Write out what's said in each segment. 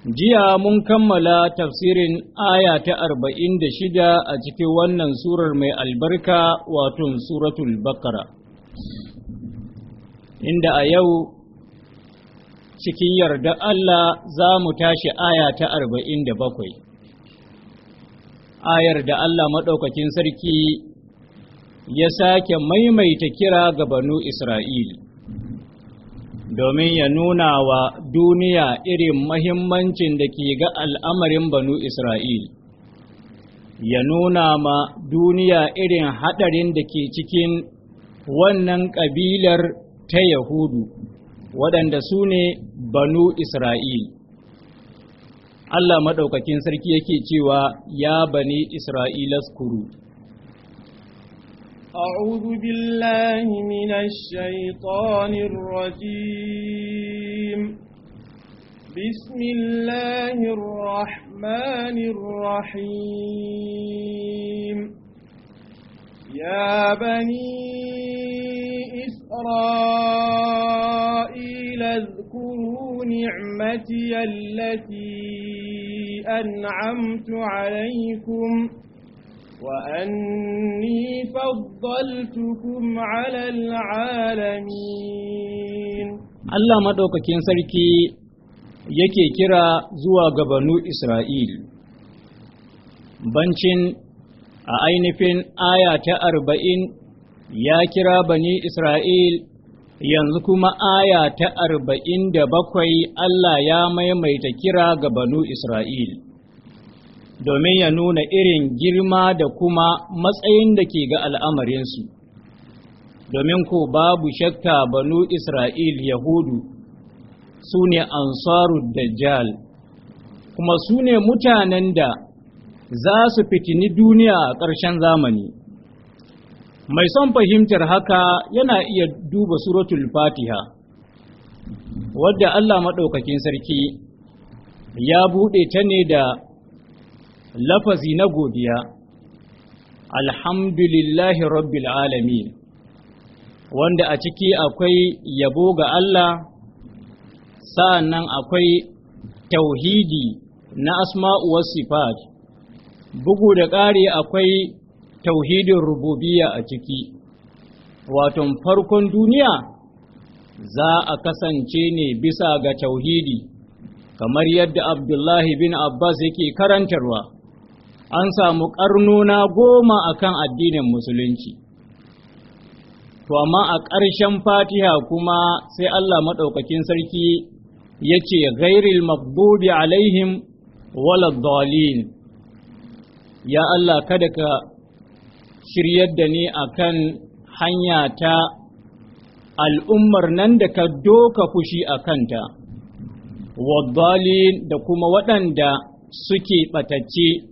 Jiya mun kammala tafsirin aya ta arba'in da shida a cikin wannan surar mai albarka wato suratul bakara. Inda a yau cikin yarda Allah za mu tashi aya ta arba'in da bakwai. Ayar da Allah maɗaukakin sarki ya sake maimaita kira ga banu Isra'ili. domin ya nuna wa duniya irin mahimmancin da ke ga al'amarin banu Isra'il, ya nuna ma duniya irin haɗarin da ke cikin wannan ƙabilar ta Yahudu, waɗanda su ne banu Isra'il. Allah maɗaukakin sarki yake cewa ya bani Isra'ilaskuru. kuru. أعوذ بالله من الشيطان الرجيم بسم الله الرحمن الرحيم يا بني إسرائيل اذكروا نعمتي التي أنعمت عليكم وأني فضلتكم على العالمين الله مدوكاكين سركي yake kira zuwa ga banu Isra'il, bancin a ainihin aya ta arba'in ya kira bani Isra'il yanzu kuma aya ta arba'in da bakwai Allah ya maimaita kira ga banu Isra'il. domin ya nuna irin girma da kuma matsayin da ke ga al'amarinsu domin ko babu shakka banu isra'il yahudu su ne da dajjal kuma su ne mutanen da za su fitini duniya a ƙarshen zamani mai son fahimtar haka yana iya duba suratul fatiha wadda allah maɗaukakin sarki ya buɗe ta ne da lafazi na godiya alhamdulillahi rabbil alamin wanda a ciki akwai yabo ga Allah sa'annan akwai tauhidi na asma'u was sifat bugu da ƙari akwai tauhidin rububiyya a ciki waton farkon duniya za a kasance ne bisa ga tauhidi kamar yadda abdullahi bin abbas yake karantarwa an samu ƙarnuna goma akan addinin musulunci to amma a ƙarshen fatiha kuma sai Allah maɗaukakin sarki ya ce gairil maghdubi alaihim waladdalin ya Allah kada ka shiryar da ni akan hanya ta al'ummar nan da ka doka fushi a kanta waddalin da kuma waɗanda suke ɓatacce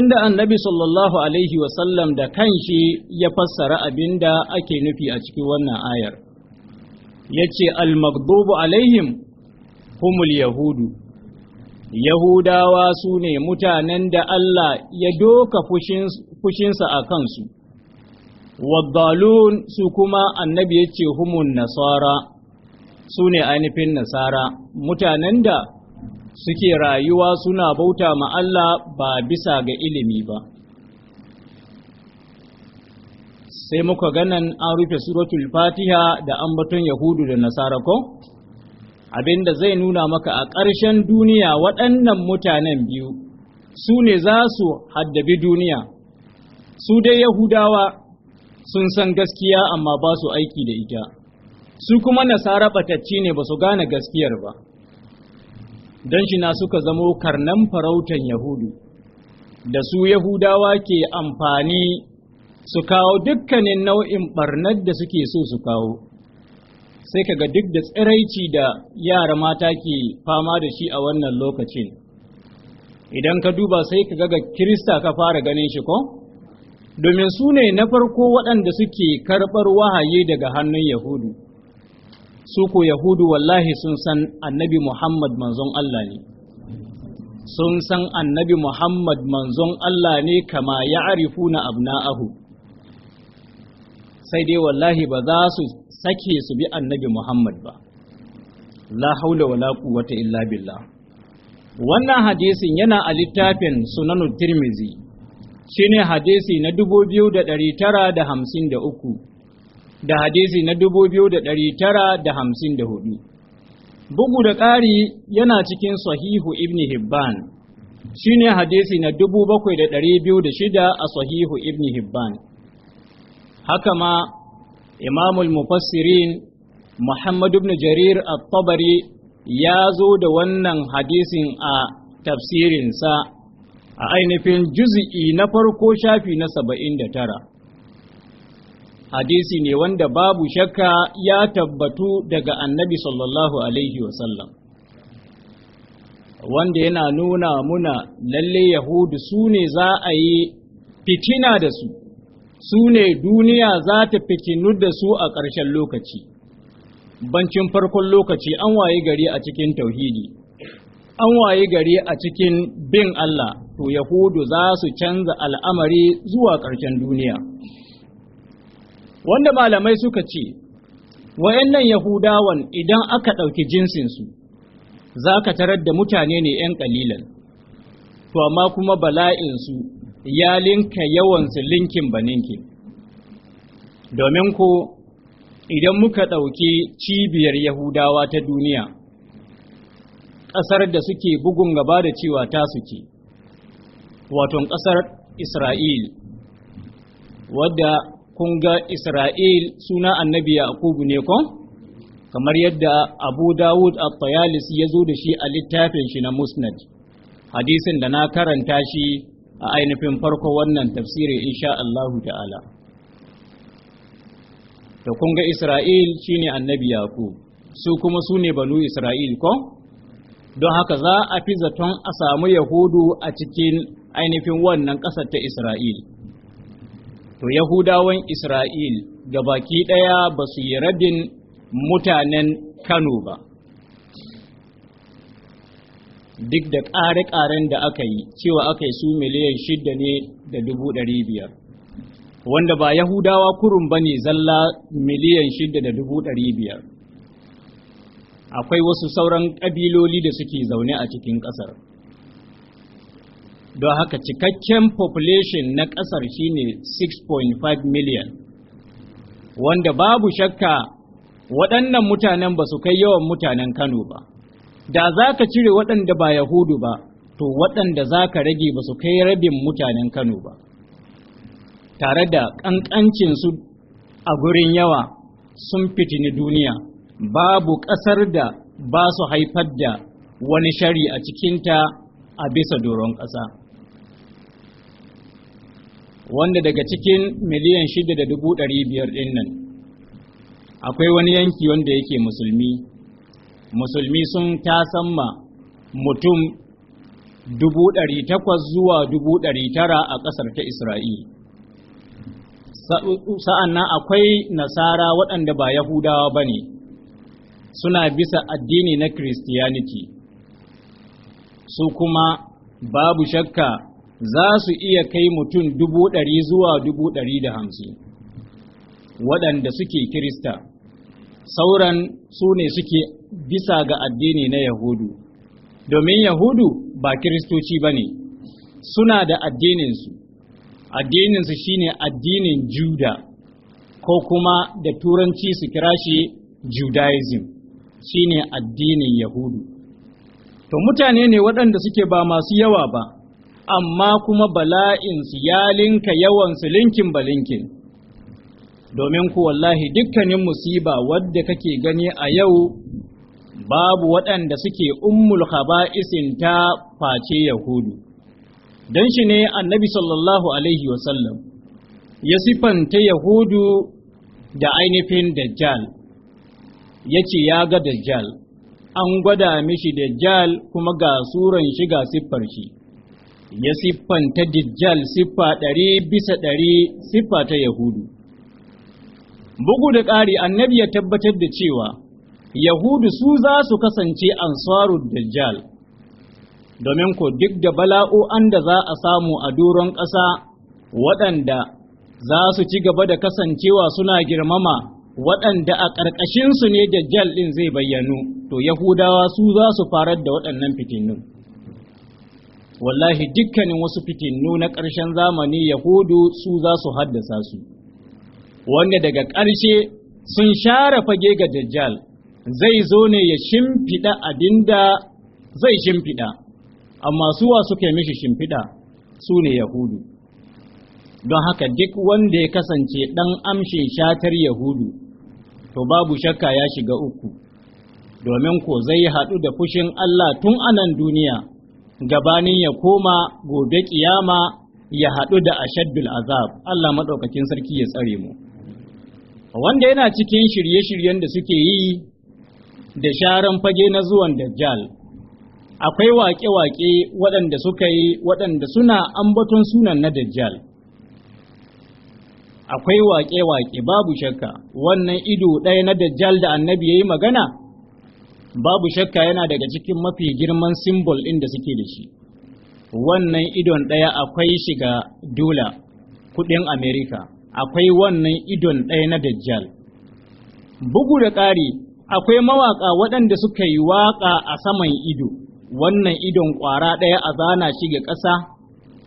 inda annabi sallallahu alaihi wasallam da kanshi ya fassara abin da ake nufi a cikin wannan ayar ya ce almagdubu alaihim humul yahudu yahudawa su ne mutanen da Allah ya doka fushinsa a kansu waddalun su kuma annabi yace ce humun nasara su ne ainihin nasara mutanen da suke rayuwa suna bauta ma Allah ba bisa ga ilimi ba sai muka ganan an rufe suratul fatiha da ambaton yahudu da nasara ko abinda zai nuna maka a ƙarshen duniya waɗannan mutanen biyu su ne za su haddabi duniya su dai yahudawa sun san gaskiya amma ba su aiki da ita su kuma nasara batacci ne ba su gane gaskiyar ba don shi na suka zamo karnan farautan yahudu da su yahudawa ke amfani su kawo dukkanin nau'in ɓarnar da suke so su kawo sai kaga duk da tsiraici da yara mata ke fama da shi a wannan lokacin idan ka duba sai ka ga kirista ka fara ganin shi ko domin su ne na farko waɗanda suke karɓar wahayi daga hannun yahudu su ko yahudu wallahi sun san annabi muhammad manzon Allah ne sun san annabi muhammad manzon Allah ne kama ya arifu na abna'ahu sai dai wallahi ba za su sake su bi annabi muhammad ba la haula wa la quwwata illa billah wannan hadisin yana a littafin sunanu tirmizi shine hadisi na dubu biyu da tara hamsin 2953 da hadisi na dubu biyu da ɗari tara da hamsin da hudu. Bugu da ƙari yana cikin sahihu Ibn Hibban, shi ne hadisi na dubu bakwai da ɗari biyu da shida a sahihu Ibn Hibban. Haka ma, Imamul Mufassirin Muhammadu ibn Jarir at-Tabari ya zo da wannan hadisin a tafsirinsa a ainihin juzi'i na farko shafi na saba'in da tara. hadisi ne wanda babu shakka ya tabbatu daga annabi sallallahu alaihi wasallam wanda yana nuna muna lalle yahudu su ne za a yi fitina da su su ne duniya za ta fitinu da su a ƙarshen lokaci bancin farkon lokaci an waye gari a cikin tauhidi an waye gari a cikin bin Allah to yahudu za su canza al'amari zuwa ƙarshen duniya wanda malamai suka ce wayannan yahudawan idan aka ɗauki jinsinsu za ka tarar da mutane ne 'yan ƙalilan to amma kuma bala'insu ya linka yawansu linkin baninkin domin ko idan muka ɗauki cibiyar yahudawa ta duniya ƙasar da suke bugun gaba da cewa ta suke waton ƙasar isra'il wadda kun ga Isra'il suna annabi Yaqubu ne ko kamar yadda Abu Dawud at ya zo da shi a littafin shi na Musnad hadisin da na karanta shi a ainihin farko wannan tafsirin insha Allahu ta'ala da kun ga Isra'il ne annabi Yaqub su kuma su ne banu Isra'il ko don haka za a fi zaton a samu Yahudu a cikin ainihin wannan ƙasar ta Isra'il to yahudawan isra'il ga baki ɗaya ba su yi rabin mutanen kano ba duk da ƙare-ƙaren da aka yi cewa aka yi su miliyan shida ne da dubu ɗari biyar wanda ba yahudawa kurum ba ne zalla miliyan shida da dubu ɗari biyar akwai wasu sauran ƙabiloli da suke zaune a cikin ƙasar don haka cikakken population na ƙasar shine 6.5 million wanda babu shakka waɗannan mutanen ba su kai yawan mutanen Kano ba da za ka cire waɗanda ba Yahudu ba to waɗanda za ka rage ba su kai rabin mutanen Kano ba tare da ƙanƙancinsu a gurin yawa sun fitini duniya babu ƙasar da ba su haifar da wani shari a cikinta a bisa doron ƙasa. wanda daga cikin miliyan shida da dubu ɗari biyar ɗin nan akwai wani yanki wanda yake musulmi musulmi sun tasamma mutum dubu ɗari takwas zuwa dubu ɗari tara a ƙasar ta isra'i sa'an nan akwai nasara waɗanda ba yahudawa ba ne suna bisa addini na christianity su kuma babu shakka za su iya kai mutum dubu ɗari zuwa dubu ɗari da hamsin waɗanda suke kirista sauran su ne suke bisa ga addini na yahudu domin yahudu ba kiristoci ba ne suna da addininsu addininsu shine addinin juda ko kuma da turanci su kira shi judaism shine addinin yahudu to mutane ne waɗanda suke ba masu yawa ba amma kuma bala'insu ya linka yawansu linkin balinkin domin ku wallahi dukkanin musiba wadda kake gani a yau babu waɗanda suke ummul khaba'isin ta face yahudu don shi ne annabi sallallahu alaihi wasallam ya siffanta yahudu da ainihin dajjal ya ce ya ga dajjal an gwada mishi dajjal kuma ga suran shi ga siffar shi ya siffanta Dijjal siffa ɗari bisa ɗari siffa ta Yahudu. Bugu da ƙari annabi ya tabbatar da cewa Yahudu su za su kasance ansaru Dajjal, domin ko duk da bala'o'an da za a samu a doron ƙasa waɗanda za su ci gaba da kasancewa suna girmama waɗanda a ƙarƙashinsu ne Dajjal ɗin zai bayyanu, to Yahudawa su za su farar da waɗannan fitinnu. wallahi dukkanin wasu fitinnu na ƙarshen zamani yahudu su za su haddasa su wanda daga ƙarshe sun share fage ga dajjal zai zo ne ya shimfiɗa abinda zai shimfiɗa amma suwa suka yi mishi shimfiɗa su ne yahudu don haka duk wanda ya kasance ɗan amshin shatar yahudu to babu shakka ya shiga uku domin ko zai haɗu da fushin Allah tun anan duniya gabanin ya koma gobe kiyama ya haɗu da ashaddul azab Allah maɗaukakin sarki ya tsare mu wanda yana cikin shirye-shiryen da suke yi da sharan fage na zuwan dajjal akwai waƙe-waƙe waɗanda suka yi waɗanda suna ambaton sunan na dajjal akwai waƙe-waƙe babu shakka wannan ido ɗaya na dajjal da annabi ya yi magana babu shakka yana daga cikin mafi girman simbol ɗin da suke da shi wannan idon ɗaya akwai shiga dola kuɗin amerika akwai wannan idon ɗaya na dajjal bugu da ƙari akwai mawaƙa waɗanda suka yi waƙa a saman ido wannan idon ƙwara ɗaya a zana shiga ƙasa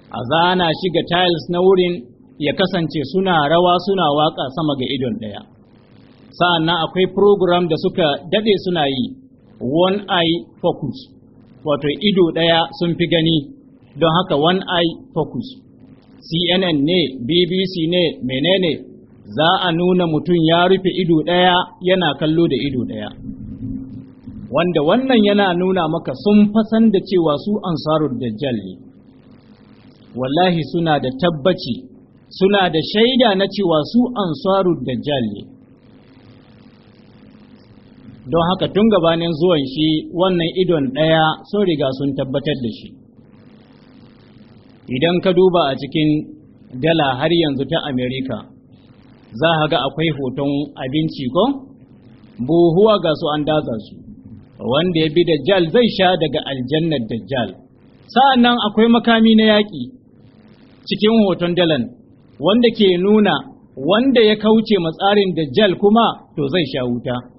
a zana shiga tiles na wurin ya kasance suna rawa suna waƙa sama ga idon ɗaya sa'annan akwai program da suka daɗe suna yi one eye focus wato ido ɗaya sun fi gani don haka one eye focus cnn ne bbc ne menene za a nuna mutum ya rufe ido ɗaya yana kallo da ido ɗaya wanda wannan yana nuna maka sun fasan da cewa su ansarar dajjal ne wallahi suna da tabbaci suna da shaida na cewa su ansarar dajjal ne don haka tun gabanin zuwan shi wannan idon ɗaya sun riga sun tabbatar da shi idan ka duba a cikin dala har yanzu ta amerika za a ga akwai hoton abinci ko buhuwa ga su an daza su wanda ya bi da Jal zai sha daga aljannar dajjal sa'an nan akwai makami na yaƙi cikin hoton dalan wanda ke nuna wanda ya kauce matsarin Jal kuma to zai sha wuta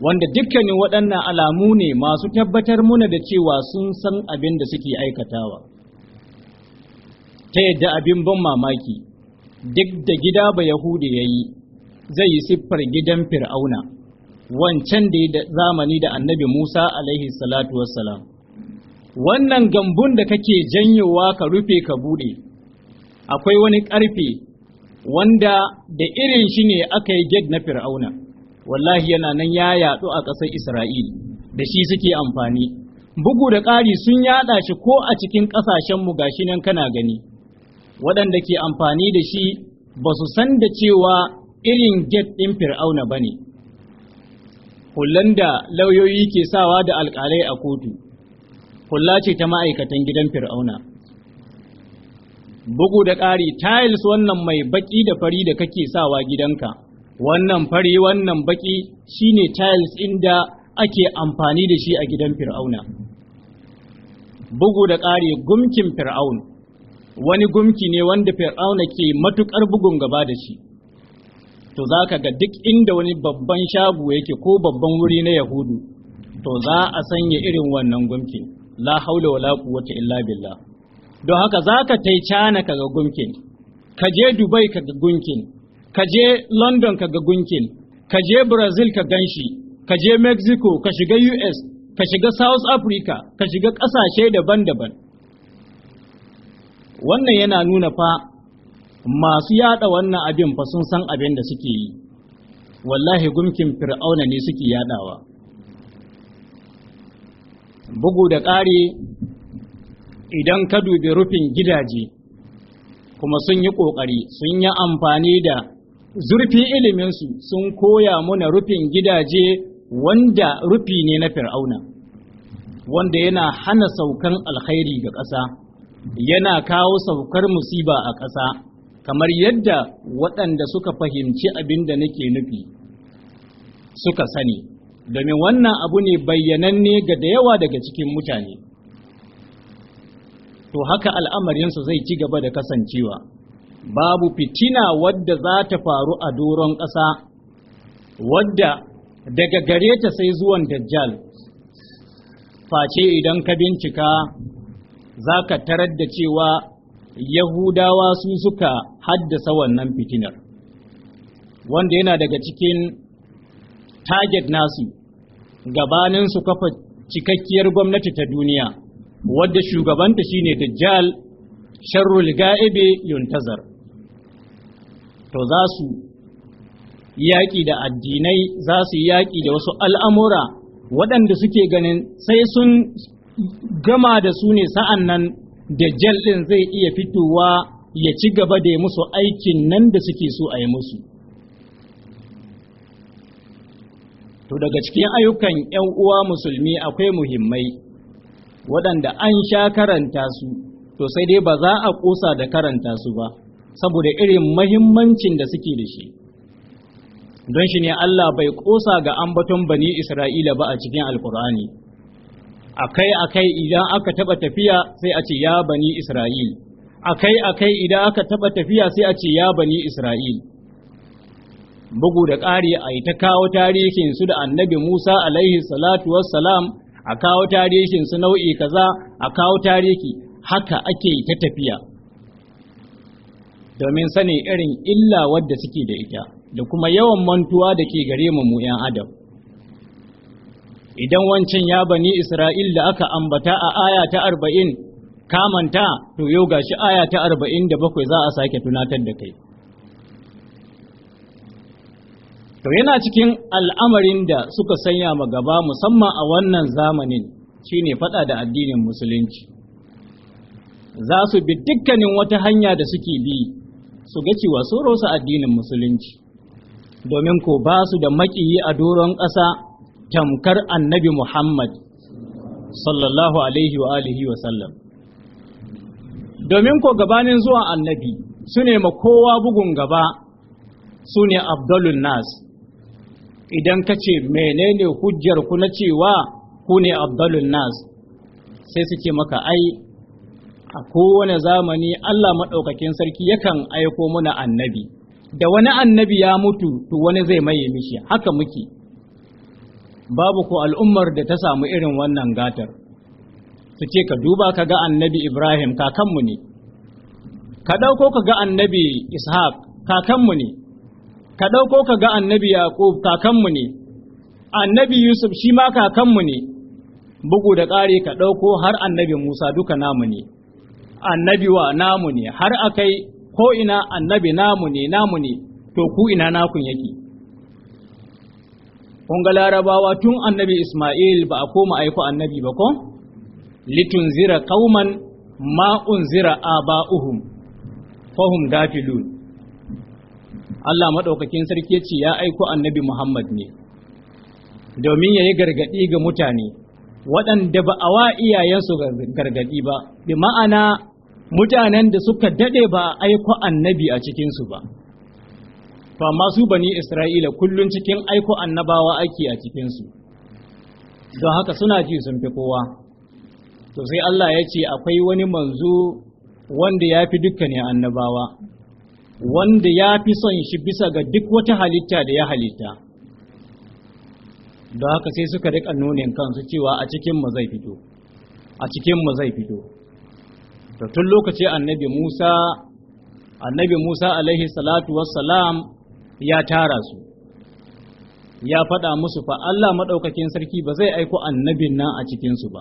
wanda dukkanin waɗannan alamu ne masu tabbatar muna da cewa sun san abin da suke aikatawa ta yadda abin ban mamaki duk da gida ba yahudi ya yi zai yi siffar gidan fir'auna wancan da ya zamani da annabi musa alaihi salatu wassalam wannan gambun da kake janyowa ka rufe ka buɗe akwai wani ƙarfe wanda da irin shi ne aka yi ged na fir'auna wallahi yana nan ya yaɗu a ƙasar Isra'il da shi suke amfani bugu da ƙari sun yaɗa shi ko a cikin ƙasashen mu gashi nan kana gani waɗanda ke amfani da shi ba su san da cewa irin get ɗin fir'auna ba ne hullan da lauyoyi ke sawa da alƙalai a kotu hulla ce ta ma'aikatan gidan fir'auna bugu da ƙari tiles wannan mai baƙi da fari da kake sawa gidanka wannan fari wannan baki shine tiles inda ake amfani da shi a gidan fir'auna bugu da ƙari gumkin fir'aun wani gumki ne wanda fir'auna ke matukar bugun gaba da shi to za ka ga duk inda wani babban shago yake ko babban wuri na yahudu to za a sanya irin wannan gumki la haula wala quwwata illa billah don haka za ka tai ka ga gumkin ka je dubai ka ga gumkin ka je London ka ga gunkin, ka je Brazil ka gan shi, ka je Mexico, ka shiga US, ka shiga South Africa, ka shiga ƙasashe daban-daban. Wannan yana nuna fa masu yada wannan abin fa sun san abin da suke yi, wallahi gunkin fir'auna ne suke yadawa. Bugu da ƙari idan ka dubi rufin gidaje, kuma sun yi ƙoƙari sun yi amfani da zurfin iliminsu sun koya muna rufin gidaje wanda rufi ne na fir'auna wanda yana hana saukan alkhairi ga ƙasa yana kawo saukar musiba a ƙasa kamar yadda waɗanda suka fahimci abin da nake nufi suka sani domin wannan abu ne bayyananne ga da yawa daga cikin mutane to haka al'amarinsu zai ci gaba da kasancewa babu fitina wadda za ta faru a doron ƙasa wadda daga gare ta sai zuwan dajjal face idan ka bincika za ka tarar da cewa yahudawa su suka haddasa wannan fitinar wanda yana daga cikin target nasu gabanin su kafa cikakkiyar gwamnati ta duniya wadda shugabanta shine dajjal sharrul ga'ibe yuntazar to za su yaƙi da addinai za su yaƙi da wasu al'amura waɗanda suke ganin sai sun gama da su ne sa'an nan da ɗin zai iya fitowa ya ci gaba da yi musu aikin nan da suke so a yi musu. To daga cikin ayyukan ‘yan uwa musulmi akwai muhimmai waɗanda an sha karanta su, to sai dai ba za a ƙosa da karanta su ba. saboda irin mahimmancin da suke da shi don shi ne Allah bai kosa ga ambaton bani Isra'ila ba a cikin alkur'ani akai akai idan aka taba tafiya sai a ce ya bani Isra'il akai akai idan aka taba tafiya sai a ce ya bani Isra'il bugu da ƙari a yi ta kawo tarihin su da annabi Musa alaihi salatu wassalam a kawo tarihin su nau'i kaza a kawo tarihi haka ake ta tafiya domin sani irin illa wadda suke da ita da kuma yawan mantuwa da ke gare mu mu 'yan adam idan wancan ya bani isra'il da aka ambata a aya ta arba'in kamanta to yau gashi aya ta arba'in da bakwai za a sake tunatar da kai to yana cikin al'amarin da suka sanya ma gaba musamman a wannan zamanin shine fada da addinin musulunci za su bi dukkanin wata hanya da suke bi su ga cewa sun rosa addinin musulunci domin ko ba su da makiyi a doron ƙasa tamkar annabi Muhammad sallallahu alaihi wa alihi wa sallam domin ko gabanin zuwa annabi su ne ma kowa bugun gaba su ne abdulun nas idan ka ce menene hujjar ku na cewa ku ne abdulun nas sai su ce maka ai a kowane zamani Allah maɗaukakin sarki yakan aiko muna annabi da wani annabi ya mutu to wani zai maye mishi haka muke babu ko al'ummar da ta samu irin wannan gatar su ce ka duba ka ga annabi ibrahim kakanmu ne ka ɗauko ka ga annabi ishaq kakanmu ne ka ɗauko ka ga annabi yaqub kakanmu ne annabi yusuf shi ma kakanmu ne bugu da ƙari ka ɗauko har annabi musa duka namu ne annabi wa namu ne har akai ko ina annabi namu ne namu ne to ku ina nakun yake kun ga larabawa tun annabi isma'il ba a koma aiko annabi ba ko zira qauman ma unzira aba'uhum fahum gafilun Allah madaukakin sarki ce ya aiko annabi Muhammad ne domin yayi gargadi ga mutane waɗanda ba a wa iyayensu gargadi ba bi ma'ana mutanen da suka daɗe ba aiko annabi a cikinsu ba to masu bani isra'ila kullum cikin aiko annabawa ake a cikinsu don haka suna ji sun fi kowa to sai Allah ya ce akwai wani manzo wanda ya fi dukkanin annabawa wanda ya fi son shi bisa ga duk wata halitta da ya halitta don haka sai suka rika nunin kansu cewa a cikin mu zai fito a cikin mu zai fito Da tun lokaci annabi Musa annabi Musa alaihi salatu wassalam ya tara su ya faɗa musu fa Allah maɗaukakin sarki ba zai aiko annabin nan a cikinsu ba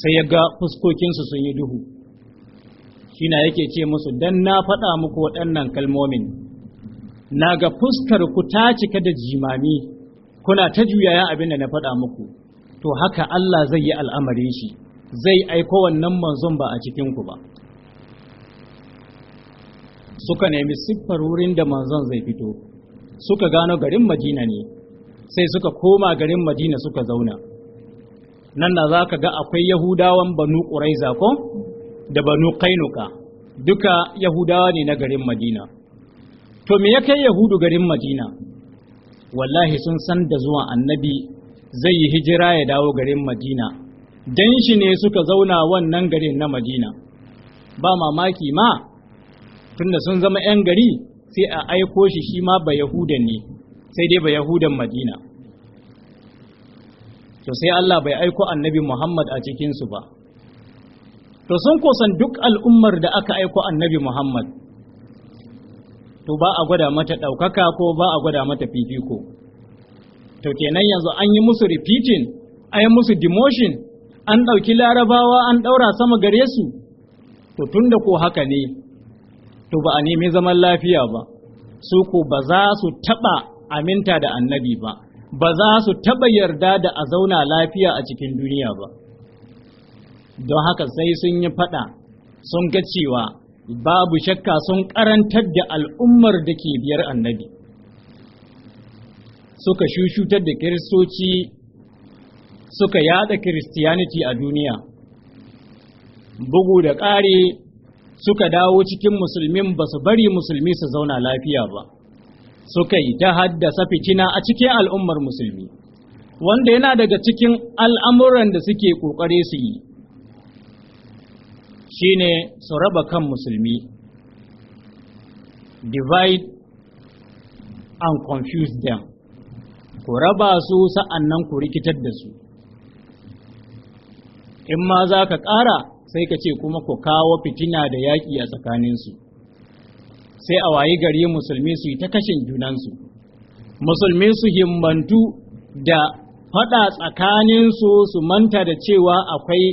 sai ya ga fuskokinsu sun yi duhu shina yake ce musu dan na faɗa muku waɗannan kalmomin na ga fuskar ku ta cika da jimami kuna ta juyaya abin da na faɗa muku to haka Allah zai yi al'amarin shi zai aiko wannan manzon ba a cikinku ba suka nemi siffar wurin da manzon zai fito suka gano garin madina ne sai suka koma garin madina suka zauna nan na za ka ga akwai yahudawan banu ƙuraiza ko da banu kainuka duka yahudawa ne na garin madina to me ya kai yahudu garin madina wallahi sun san da zuwa annabi zai yi hijira ya dawo garin madina dan shi ne suka zauna wannan garin na madina ba mamaki ma tunda sun zama 'yan gari sai a aiko shi shi ma ba yahudan ne sai dai ba yahudan madina to sai allah bai aiko annabi muhammad a cikinsu ba to sun kosan duk al'ummar da aka aiko annabi muhammad to ba a gwada mata ɗaukaka ko ba a gwada mata fifiko to kenan yanzu an yi musu repeating an yi musu demotion an ɗauki larabawa an ɗaura sama gare su to tun da ko haka ne to ba a nemi zaman lafiya ba su ko ba za su taɓa aminta da annabi ba ba za su taɓa yarda da a zauna lafiya a cikin duniya ba don haka sai sun yi faɗa sun ga cewa babu shakka sun ƙarantar da al'ummar da ke biyar annabi suka shushutar da kiristoci suka yada Christianity a duniya bugu da ƙari suka dawo cikin musulmin ba su bari musulmi su zauna lafiya ba suka yi ta haddasa fitina a cikin al'ummar musulmi wanda yana daga cikin al'amuran da suke ƙoƙare su yi shi ne su raba kan musulmi divide and confuse them ku raba su sa'annan ku rikitar da su in ma za ka ƙara sai ka ce kuma ku kawo fitina da yaƙi a tsakaninsu sai a wayi gari musulmi su yi ta kashin junansu musulmi su himmantu da faɗa tsakaninsu su manta da cewa akwai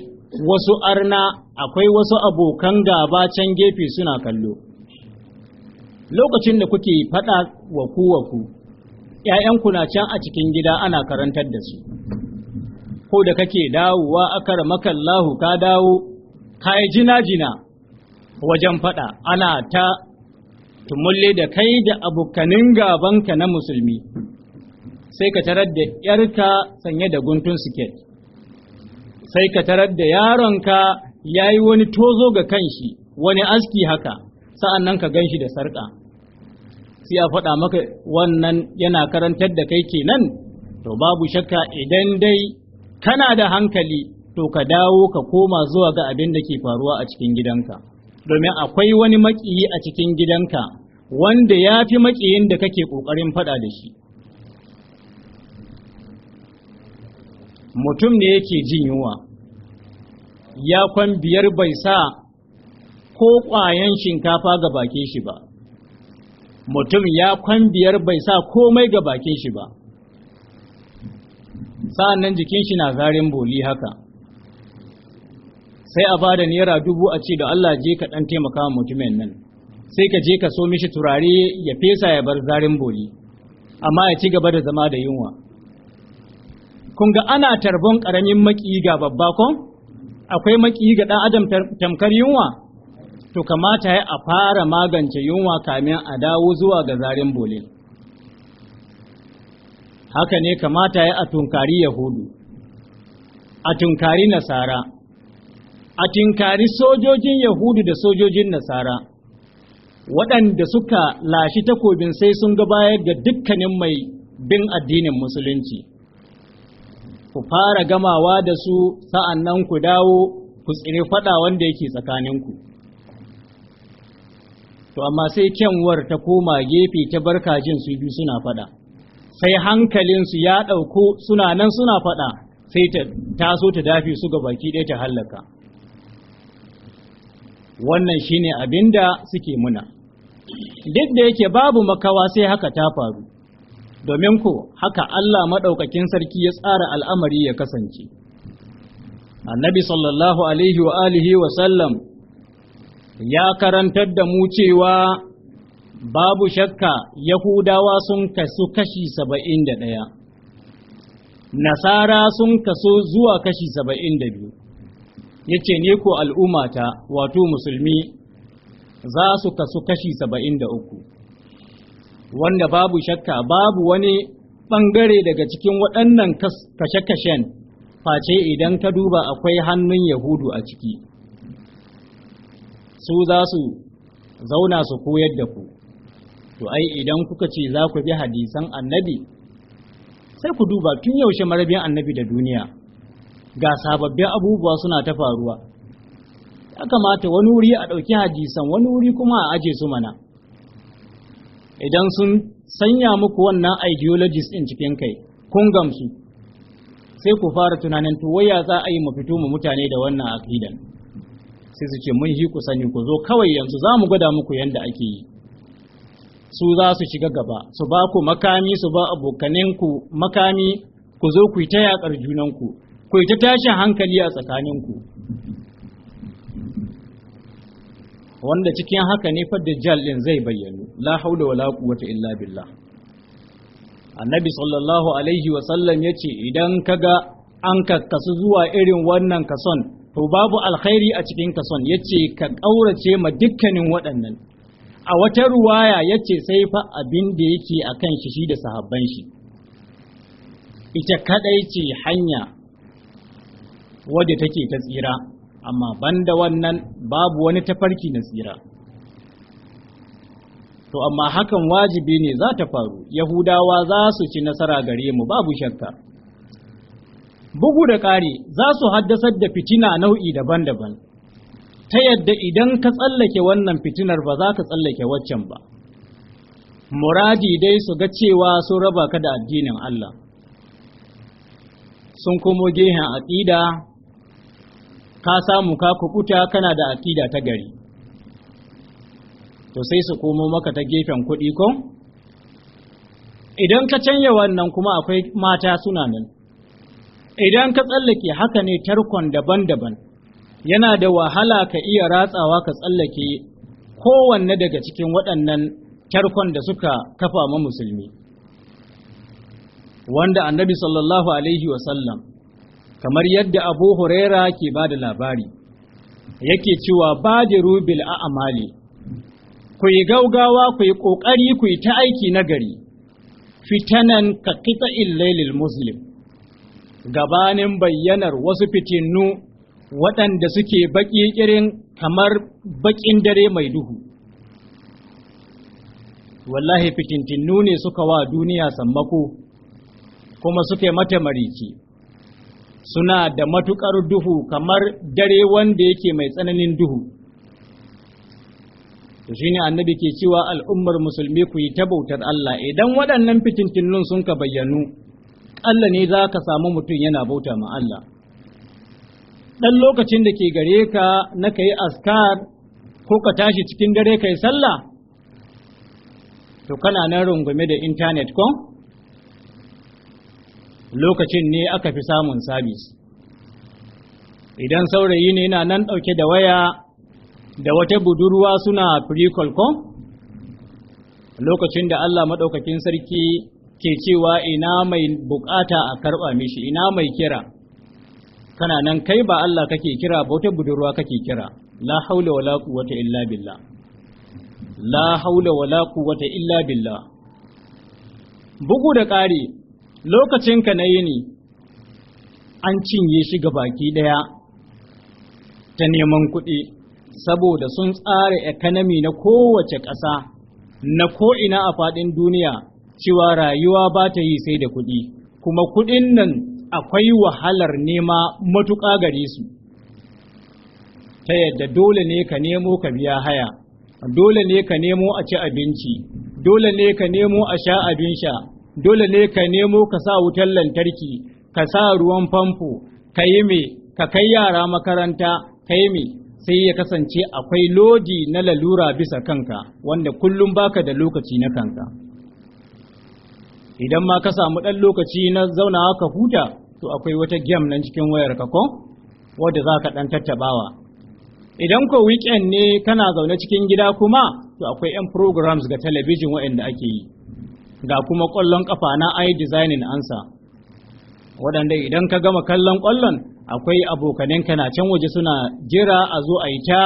wasu arna akwai wasu abokan gaba can gefe suna kallo lokacin da kuke faɗa wa ku ‘ya'yanku na can a cikin gida ana karantar da su ko da kake dawowa akar makallahu ka dawo ka yi jina-jina wajen faɗa ana ta tumulle da kai da abokanin gabanka na musulmi sai ka tarar da ‘yarka sanye da guntun siket sai ka tarar da yaronka ya yi wani tozo ga kanshi wani aski haka sa'an nan ka gan shi da sarƙa sai a faɗa maka wannan yana karantar da kai kenan to babu shakka idan dai kana da hankali to ka dawo ka koma zuwa ga abin da ke faruwa a cikin gidanka domin akwai wani maƙiyi a cikin gidanka wanda ya fi maƙiyin da kake ƙoƙarin faɗa da shi mutum ne yake jin yunwa ya kwan biyar bai sa ko ƙwayan shinkafa ga bakin shi ba mutum ya kwan biyar bai sa komai ga bakin shi ba sa'an nan jikin shi na zarin boli haka sai a bada naira dubu a ce da Allah je ka ɗan taimaka wa mutumin nan sai ka je ka so mishi turare ya fesa ya bar zarin boli amma ya ci gaba da zama da yunwa kun ga ana tarbon ƙaramin maki ga babba kon akwai maki ga ɗan adam tamkar yunwa to kamata ya a fara magance yunwa kamin a dawo zuwa ga zarin bolin haka ne kamata ya a tunkari yahudu a tunkari nasara a tunkari sojojin yahudu da sojojin nasara waɗanda suka lashi takobin sai sun gabayar ga dukkanin mai bin addinin musulunci ku fara gamawa da su sa'an nan ku dawo ku tsire faɗa wanda yake tsakaninku to amma sai kyanwar ta koma gefe ta barka jin su biyu suna faɗa sai hankalinsu ya ɗauko suna nan suna faɗa sai ta taso ta dafi su ga baki ɗaya ta hallaka wannan shine da suke muna duk da yake babu makawa sai haka ta faru domin ko haka Allah maɗaukakin sarki ya tsara al'amari ya kasance annabi sallallahu alaihi wa alihi wa sallam ya karantar da mu cewa babu shakka yahudawa sun kasu kashi saba'in da ɗaya nasara sun kasu zuwa kashi saba'in da biyu ya ce ne ko al'ummata wato musulmi za su kasu kashi saba'in da uku wanda babu shakka babu wani ɓangare daga cikin waɗannan kashe-kashen face idan ka duba akwai hannun yahudu a ciki su za su zauna su koyar da ku to ai idan kuka ce za ku bi hadisan annabi sai ku duba tun yaushe marabin annabi da duniya ga sababbin abubuwa suna ta faruwa ya kamata wani wuri a ɗauki hadisan wani wuri kuma a aje su mana idan sun sanya muku wannan ideologies ɗin cikin kai kun gamsu sai ku fara tunanin to waya za a yi mu fito mu mutane da wannan aqidan sai su ce mun yi ku sani ku zo kawai yanzu za mu gwada muku yanda ake yi su za su shiga gaba su ba ku makami su ba abokaninku makami ku zo ku yi ta yaƙar junanku ku yi ta tashin hankali a tsakaninku wanda cikin haka ne fadda dajjal zai bayyanu la haula wala quwwata illa billah annabi sallallahu alaihi wa sallam yace idan kaga an kakkasu zuwa irin wannan kason to babu alkhairi a cikin kason yace ka ƙaurace ma dukkanin waɗannan a wata ruwaya ya ce sai fa abin da yake a kan shi da sahabban shi ita kadai ce hanya wadda take ta tsira amma banda wannan babu wani tafarki na tsira to amma hakan wajibi ne za ta faru yahudawa za su ci nasara gare mu babu shakka bugu da ƙari za su haddasar da fitina nau'i daban-daban ta yadda idan ka tsallake wannan fitinar ba za ka tsallake waccan ba muradi dai su ga cewa sun raba ka da addinin Allah sun komo gehen aƙida ka samu ka kukuta kana da aƙida ta gari to sai su komo maka ta gefen kuɗi ko idan ka canya wannan kuma akwai mata suna nan idan ka tsallake haka ne tarkon daban-daban yana da wahala ka iya ratsawa ka tsallake kowanne daga cikin waɗannan kyarkon da suka kafa ma musulmi wanda annabi sallallahu alaihi wasallam kamar yadda abu huraira ke ba da labari yake cewa rubil a amali ku yi gaugawa ku yi ƙoƙari ku yi ta aiki nagari fitanan ka kitsa illailil muslim gabanin bayyanar wasu fitinu waɗanda suke baƙi ƙirin kamar baƙin dare mai duhu wallahi fitintinnu ne suka wa duniya sammako kuma suke mata marici suna da matuƙar duhu kamar dare wanda yake mai tsananin duhu to ne annabi ke cewa al'ummar musulmi ku yi ta bautar Allah idan waɗannan fitintinnun sun ka bayyanu Allah ne za ka samu mutum yana bauta ma Allah ɗan lokacin da ke gare ka na ka yi askar ko ka tashi cikin dare ka yi sallah to kana nan rungume da intanet kon lokacin ne aka fi samun sabis idan saurayi ne yana nan ɗauke da waya da wata budurwa suna prequel ko, lokacin da Allah maɗaukakin sarki ke cewa ina mai bukata a karɓa mishi ina mai kira kana nan kai ba Allah kake kira ba wata budurwa kake kira la haula wala quwwata illa billah la haula wala quwwata illa billah bugu da ƙari ka na yini an cinye shi ga baki ɗaya ta neman kuɗi saboda sun tsara economy na kowace ƙasa na ko'ina a faɗin duniya cewa rayuwa ba ta yi sai da kuɗi kuma kuɗin nan akwai wahalar nema matuƙa gare su ta yadda dole ne ka nemo ka biya haya dole ne ka nemo a ci abinci dole ne ka nemo a sha abin sha dole ne ka nemo ka sa wutar lantarki ka sa ruwan famfo ka yi me ka kai yara makaranta ka yi me sai ya kasance akwai lodi na lalura bisa kanka wanda kullum baka da lokaci na kanka idan ma ka samu ɗan lokaci na zaunawa ka huta to akwai wata game nan cikin wayarka ko wadda za ka ɗan tattabawa idan ko weekend ne kana zaune cikin gida kuma to akwai 'yan programs ga talabijin waɗanda ake yi ga kuma ƙwallon kafa na i designing ansa waɗanda idan ka gama kallon ƙwallon akwai abokanen na can waje suna jira a zo a yi ta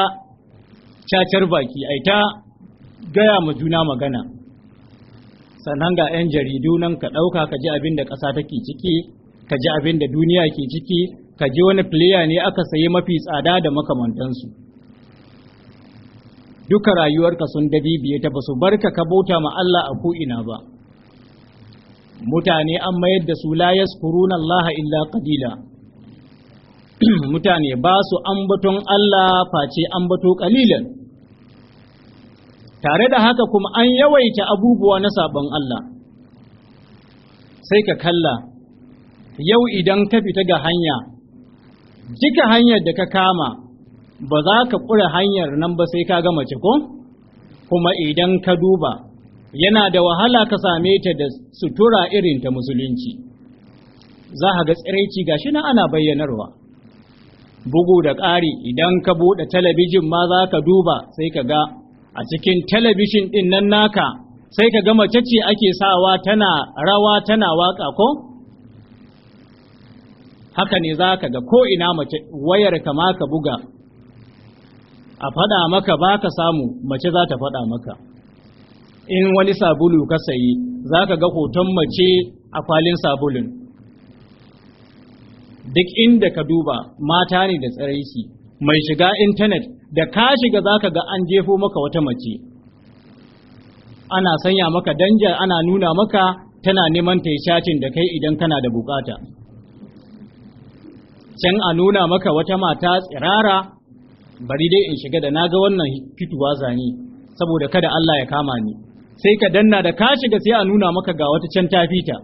cacar baki a yi ta gaya ma juna magana sannan ga 'yan jaridu nan ka ɗauka ka ji abin da ƙasa take ciki ka ji abin da duniya ke ciki ka ji wani player ne aka sayi mafi tsada da makamantansu duka rayuwarka sun dabibiye ta ba su barka ka bauta ma Allah a ko'ina ba mutane an mayar da su la yaskuruna Allah illa qalila mutane ba su ambaton Allah face ambato kalilan tare da haka kuma an yawaita abubuwa na sabon Allah sai ka kalla yau idan ka fita ga hanya jika hanyar da ka kama ba za ka ƙura hanyar nan ba sai ka ga mace ko kuma idan ka duba yana da wahala ka same ta da sutura irin ta musulunci za ka ga tsiraici ga shi na ana bayyanarwa bugu da ƙari idan ka buɗe talabijin ma za ka duba sai ka ga a cikin talabijin ɗin nan naka sai ka ga mace ce ake sawa tana rawa tana waƙa ko haka ne za ka ga ko'ina mace wayar ma ka buga a faɗa maka ba ka samu mace za ta faɗa maka in wani sabulu ka sayi za ka ga hoton mace a kwalin sabulun duk inda ka duba mata ne da tsaraiki mai shiga intanet da ka shiga za ka ga an jefo maka wata mace ana sanya maka danja ana nuna maka tana neman ta yi shacin da kai idan kana da bukata. can a nuna maka wata mata tsirara bari dai in shiga da naga wannan fituwa zane saboda kada Allah ya kama ni sai ka danna da ka shiga sai a nuna maka ga wata can ta fita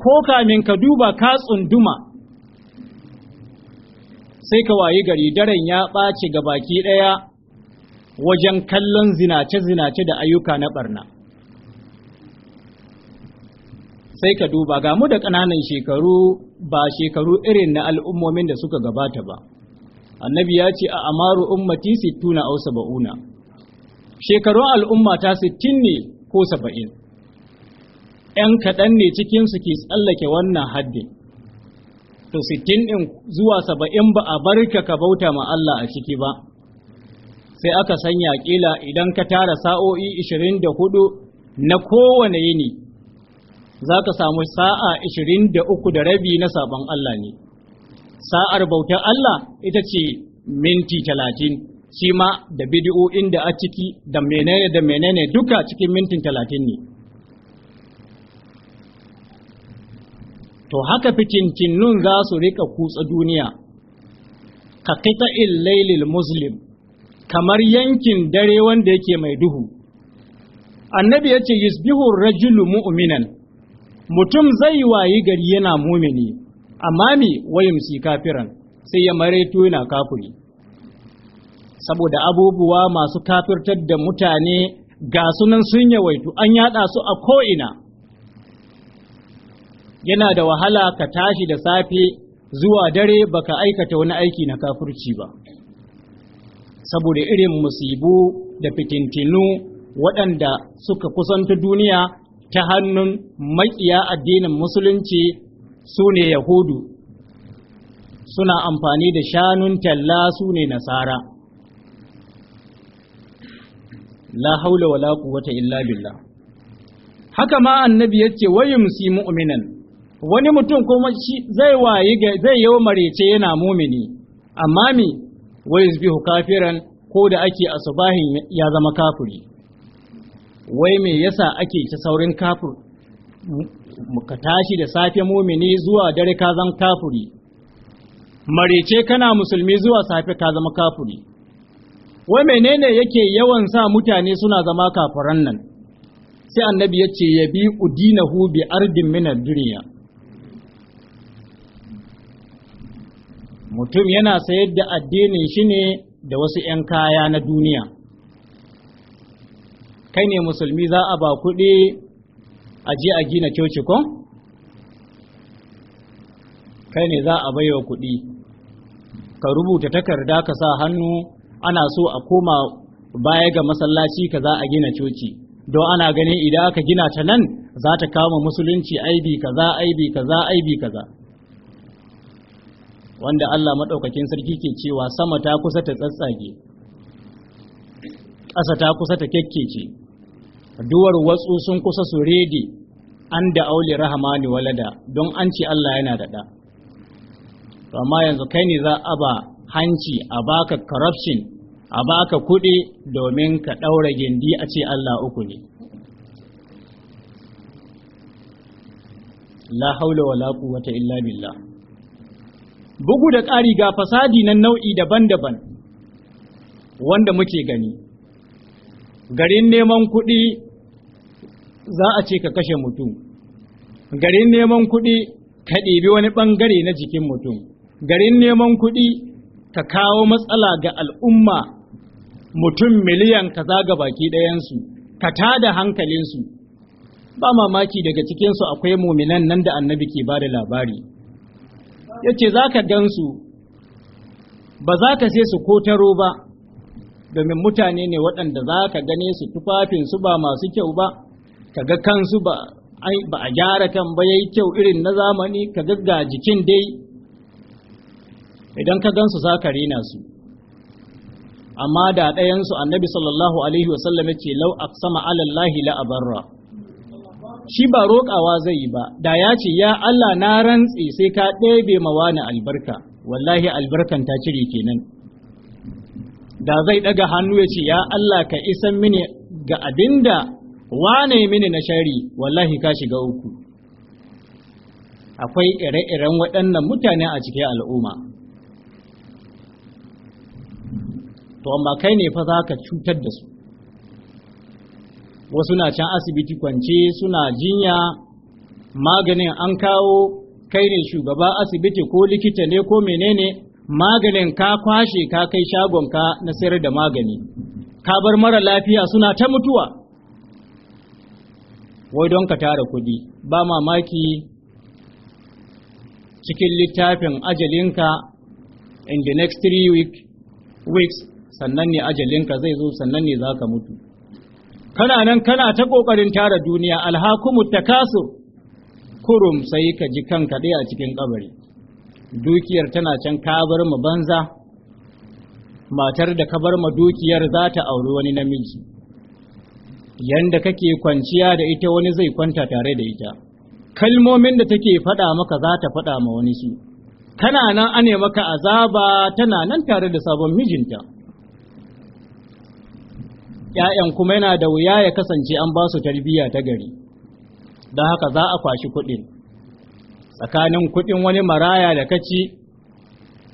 ko kamin ka duba ka tsunduma sai ka wayi gari daren ya ɓace ga baki ɗaya wajen kallon zinace-zinace da ayyuka na ɓarna. sai ka duba ga mu da ƙananan shekaru ba shekaru irin na al'ummomin da suka gabata ba annabi ya ce a amaru ummati sittuna aw saba'una shekarun al'umma ta sittin ne ko saba'in ‘yan kaɗan ne cikinsu ke tsallake wannan haddin to sittin ɗin zuwa saba'in ba a barka ka bauta ma Allah a ciki ba sai aka sanya ƙila idan ka tara sa'o'i ishirin da hudu na kowane yini za ka samu sa'a 23 da uku da rabi na sabon Allah ne sa'ar bautar Allah ita ce minti talatin shi ma da bidiyo'in da a ciki da menene da menene duka cikin mintin talatin ne to haka nun za su rika kutsa duniya ka kita lailil muslim kamar yankin dare wanda yake mai duhu annabi ya ce yusbihu rajulu mu'minan mutum zai wayi gari yana mumini amma mi wayumsi kafiran sai ya mareto yana kafuri. saboda abubuwa masu kafirtar da mutane ga sunan sun yawaitu an yada su a ko'ina yana da wahala ka tashi da safe zuwa dare baka aikata wani aiki na kafirci ba saboda irin musibu da fitintinu waɗanda suka kusanta duniya ta hannun makiya addinin musulunci su ne yahudu suna amfani da shanun talla su ne nasara la haula wala quwwata illa billah haka ma annabi yace musi mu'minan wani mutum kuma shi zai wayi zai yi marece yana mumini amma mi bihu kafiran ko da ake asubahin ya zama kafiri wai me yasa ake ta saurin kafir ka tashi da safe mumini zuwa dare ka zama kafiri marece kana musulmi zuwa safe ka zama kafiri wai menene yake yawan sa mutane suna zama kafuran nan sai annabi ya ce ya bi udinahu bi ardin minar duniya mutum yana sayar da addinin shi ne da wasu 'yan kaya na duniya kai ne musulmi za a ba kuɗi a je a gina coci ko kai ne za a baiwa kuɗi ka rubuta takarda ka sa hannu ana so a koma baya ga masallaci ka za a gina coci don ana ganin idan aka gina ta nan za ta kama musulunci aibi kaza aibi kaza aibi kaza wanda Allah maɗaukakin sarki ke cewa sama ta kusa ta tsatsage ƙasa ta kusa ta ce duwar watsu sun kusa su redi, an da auli rahamani walada don an ce Allah yana da ɗa amma yanzu kai ne za a ba hanci a baka corruption a baka kuɗi domin ka ɗaura gindi a ce Allah uku ne la haula wa wala quwwata illa billah bugu da ƙari ga fasadi na nau'i daban-daban wanda muke gani garin neman kuɗi za a ce ka kashe mutum garin neman kuɗi ka ɗebi wani ɓangare na jikin mutum garin neman kuɗi ka kawo matsala ga al'umma mutum miliyan kaza ga baki ɗayansu ka tada hankalinsu ba mamaki daga cikinsu akwai muminan nan da annabi ke ba da labari ya ce za ka gansu ba za ka sai su kotaro ba domin mutane ne waɗanda za ka gane su tufafinsu ba masu kyau ba ka ga kansu ba a gyara kan ba yayi kyau irin na zamani ka ga jikin dai idan ka gansu za ka rena su amma da ɗayansu annabi sallallahu alaihi wasallam ce lau aqsama ala allahi la abarra shi ba roƙawa zai yi ba da ya ce ya Allah na rantsi sai ka ɗebe mawa na albarka wallahi albarkan ta cire kenan da zai ɗaga hannu ya ce ya Allah ka isan mini ga abinda wane mini na shari wallahi ka shiga uku akwai ire-iren waɗannan mutane a cikin al'umma to amma kai ne fa za ka cutar da su wasu na can asibiti kwance suna jinya maganin an kawo kai ne shugaba asibiti ko likita ne ko menene maganin ka kwashe ka kai shagonka na sayar da magani ka bar mara lafiya suna ta mutuwa wai don ka tara kudi ba mamaki cikin littafin ajalinka in the next three week, weeks sannan ne ajalinka zai zo sannan ne za ka mutu kana nan kana ta ƙoƙarin tara duniya alhakumu takasur kurum sai ka ji kanka ɗaya a cikin kabari dukiyar tana can ka bar mu banza matar da ka bar ma dukiyar za ta auri wani namiji yanda kake kwanciya da ita wani zai kwanta tare da ita kalmomin da take faɗa maka za ta faɗa ma wani shi kana nan ane maka azaba tana nan tare da sabon mijinta ‘ya'yan kuma yana da wuya ya kasance an ba su tarbiyya ta gari don haka za a kwashi kuɗin tsakanin kuɗin wani maraya da kaci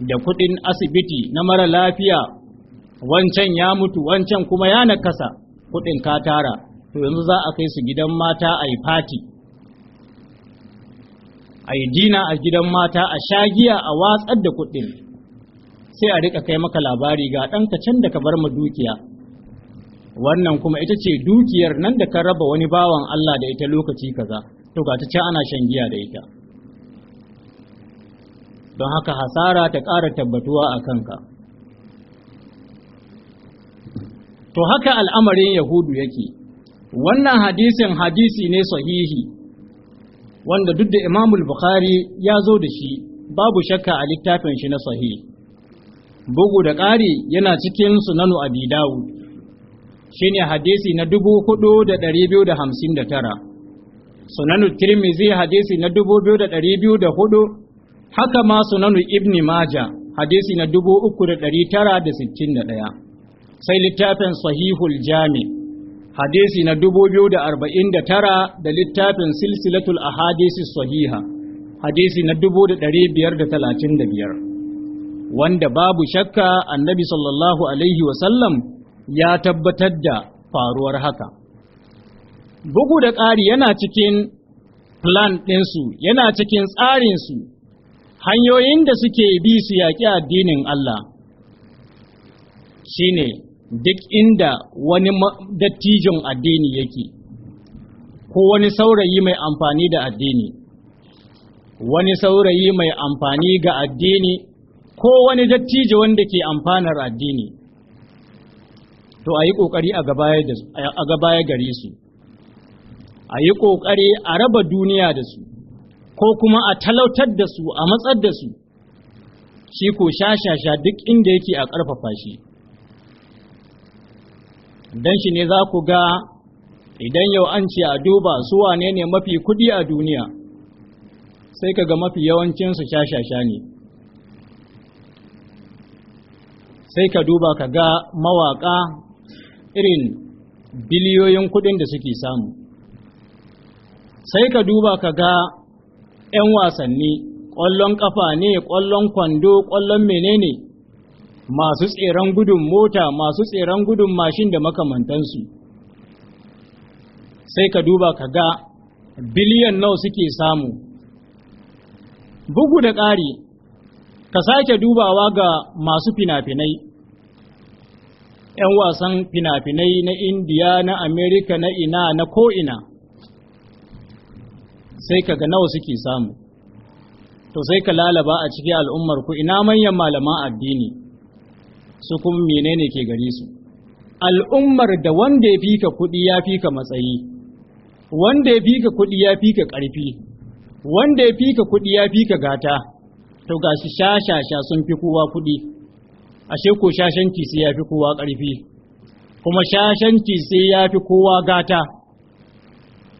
da kuɗin asibiti na mara lafiya wancan ya mutu wancan kuma ya nakasa kuɗin ka tara to yanzu za a kai su gidan mata a yi fati a yi dina a gidan mata a shagiya a watsar da kuɗin sai a rika kai maka labari ga ɗanka can da ka bar ma dukiya wannan kuma ita ce dukiyar nan da ka raba wani bawan Allah da ita lokaci kaza to ga ta ce ana shan giya da ita don haka hasara ta ƙara tabbatuwa a kanka to haka al'amarin yahudu yake wannan hadisin hadisi ne sahihi wanda duk da imamul bukhari ya zo da shi babu shakka a littafin shi na sahihi bugu da ƙari yana cikin sunanu abi dawud shine hadisi na dubu da da da biyu hamsin tara, sunanu tirmizi hadisi na dubu biyu biyu da da hudu haka ma sunanu ibn maja hadisi na 3961 sai littafin sahihul jami hadisi na 2049 da littafin silsilatul ahadisi sahiha hadisi na 1535 wanda babu shakka annabi sallallahu alaihi wasallam ya tabbatar da faruwar haka bugu da ƙari yana cikin plan ɗinsu yana cikin tsarinsu hanyoyin da suke bi su yaƙi addinin Allah shine duk inda wani dattijon addini yake ko wani saurayi mai amfani da addini wani saurayi mai amfani ga addini ko wani dattijo wanda ke amfanar addini to a yi ƙoƙari a gabaya gare su a yi ƙoƙari a raba duniya da su ko kuma a talautar da su a matsar da su shi ko shashasha duk inda yake a ƙarfafa shi don shi ne za ku ga idan yau an ce a duba su wane ne mafi kuɗi a duniya sai ka ga mafi yawancinsu shashasha ne sai ka duba ka ga mawaƙa irin biliyoyin kuɗin da suke samu sai ka duba ka ga ‘yan wasanni, ƙwallon ƙafa ne, ƙwallon kwando, ƙwallon menene, masu tseren gudun mota, masu tseren gudun mashin da makamantansu. Sai ka duba ka ga biliyan nawa suke samu. Bugu da ƙari, ka sake dubawa ga masu fina-finai, ‘yan wasan fina-finai na Indiya, na Amerika, na ina, na ko'ina. sai kaga nawa suke samu to sai ka lalaba a cikin al'ummar ku ina manyan malaman addini su kuma menene ke gare su al'ummar da wanda ya fika kuɗi ya fika matsayi wanda ya fika kuɗi ya fika ƙarfi wanda ya fika kuɗi ya fika gata to ga gashi shashasha sun fi kowa kuɗi ashe ko shashanci sai ya fi kowa ƙarfi kuma shashanci sai ya fi kowa gata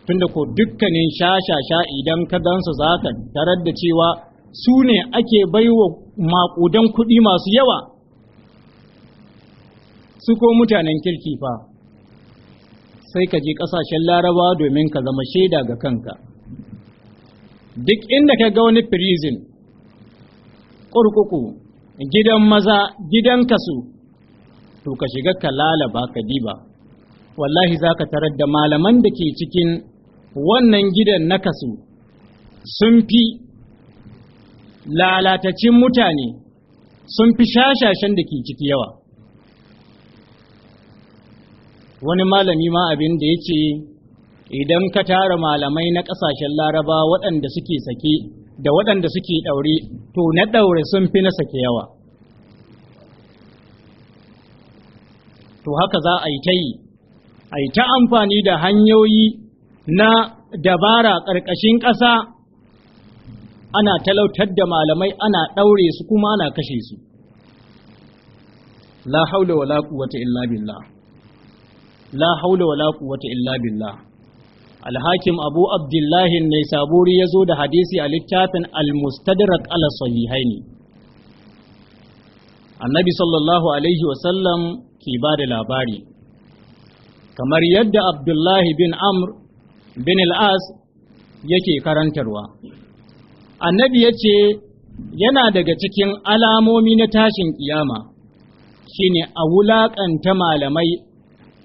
tunda ko dukkanin sha-sha-sha idan ka gansu za ka tarar da cewa su ne ake baiwa maƙudan kuɗi masu yawa su ko mutanen kirki fa sai ka je ƙasashen laraba domin ka zama shaida ga kanka duk inda ka ga wani prison kurkuku gidan maza gidan kasu to ka shiga ka lalaba ka diba wallahi za ka tarar da malaman da ke cikin wannan gidan na kasu sun fi lalatacin mutane sun fi shashashen da ke ciki yawa wani malami ma abin da ya ce idan ka tara malamai na ƙasashen laraba waɗanda suke sake da waɗanda suke ɗaure to na ɗaure sun fi na sake yawa to haka za a yi ta yi a yi ta amfani da hanyoyi na dabara ƙarƙashin ƙasa ana talautar da malamai ana ɗaure su kuma ana kashe su la haula wa quwwata illa billah la haula quwwata illa billah alhakim abu abdullahi ne saburi ya zo da hadisi a littafin almustadrak mustadrak ala sahihaini annabi sallallahu alaihi wasallam ke ba da labari kamar yadda abdullahi bin amr bin al'as yake karantarwa annabi ya ce yana daga cikin alamomi na tashin kiyama shine a wulaƙanta malamai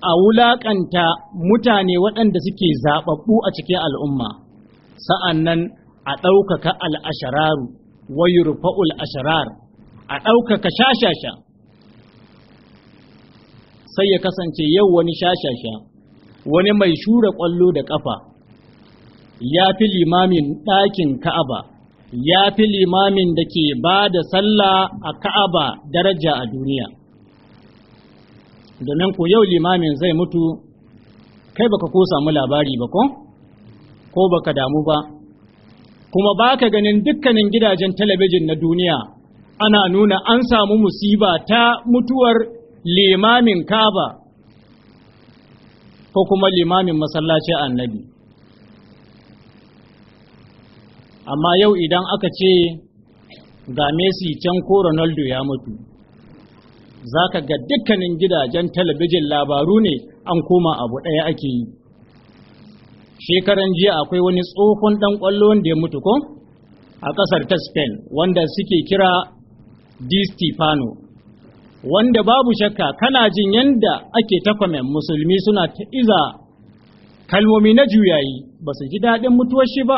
a wulaƙanta mutane waɗanda suke zaɓaɓɓu a cikin al'umma sa'an nan a ɗaukaka al'ashararu wayurfa'ul asharar a ɗaukaka shashasha sai ya kasance yau wani shashasha wani mai shura ƙwallo da ƙafa ya fi limamin ɗakin ka'aba ya fi limamin da ke ba da sallah a ka'aba daraja a duniya domin ku yau limamin zai mutu kai baka ko samu labari ba ko ko baka damu ba kuma baka ganin dukkanin gidajen talabijin na duniya ana nuna an samu musiba ta mutuwar limamin Ka'aba. ko kuma limamin masallaci annabi amma yau idan aka ce ga messi can ko ronaldo ya mutu za ka ga dukkanin gidajen talabijin labaru ne an koma abu ɗaya ake yi shekaran jiya akwai wani tsohon ɗan ƙwallo wanda ya mutu ko a ƙasar ta spain wanda suke kira di stefano wanda babu shakka kana jin yanda ake takwamen musulmi suna ta iza kalmomi na juyayi ba su ji daɗin mutuwar shi ba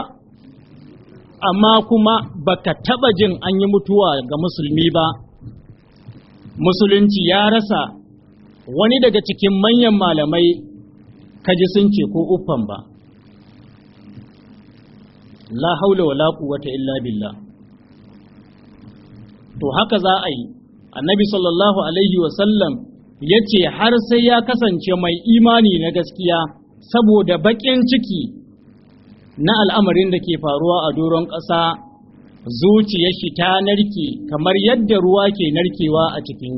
amma kuma baka taɓa jin an yi mutuwa ga musulmi ba musulunci ya rasa wani daga cikin manyan malamai kaji sun ce ko uffan ba la haula wala quwwata illa billah to haka za a yi annabi sallallahu alaihi wasallam ya ce har sai ya kasance mai imani na gaskiya saboda baƙin ciki na al'amarin da ke faruwa a doron ƙasa zuciyar shi ta narke kamar yadda ruwa ke narkewa a cikin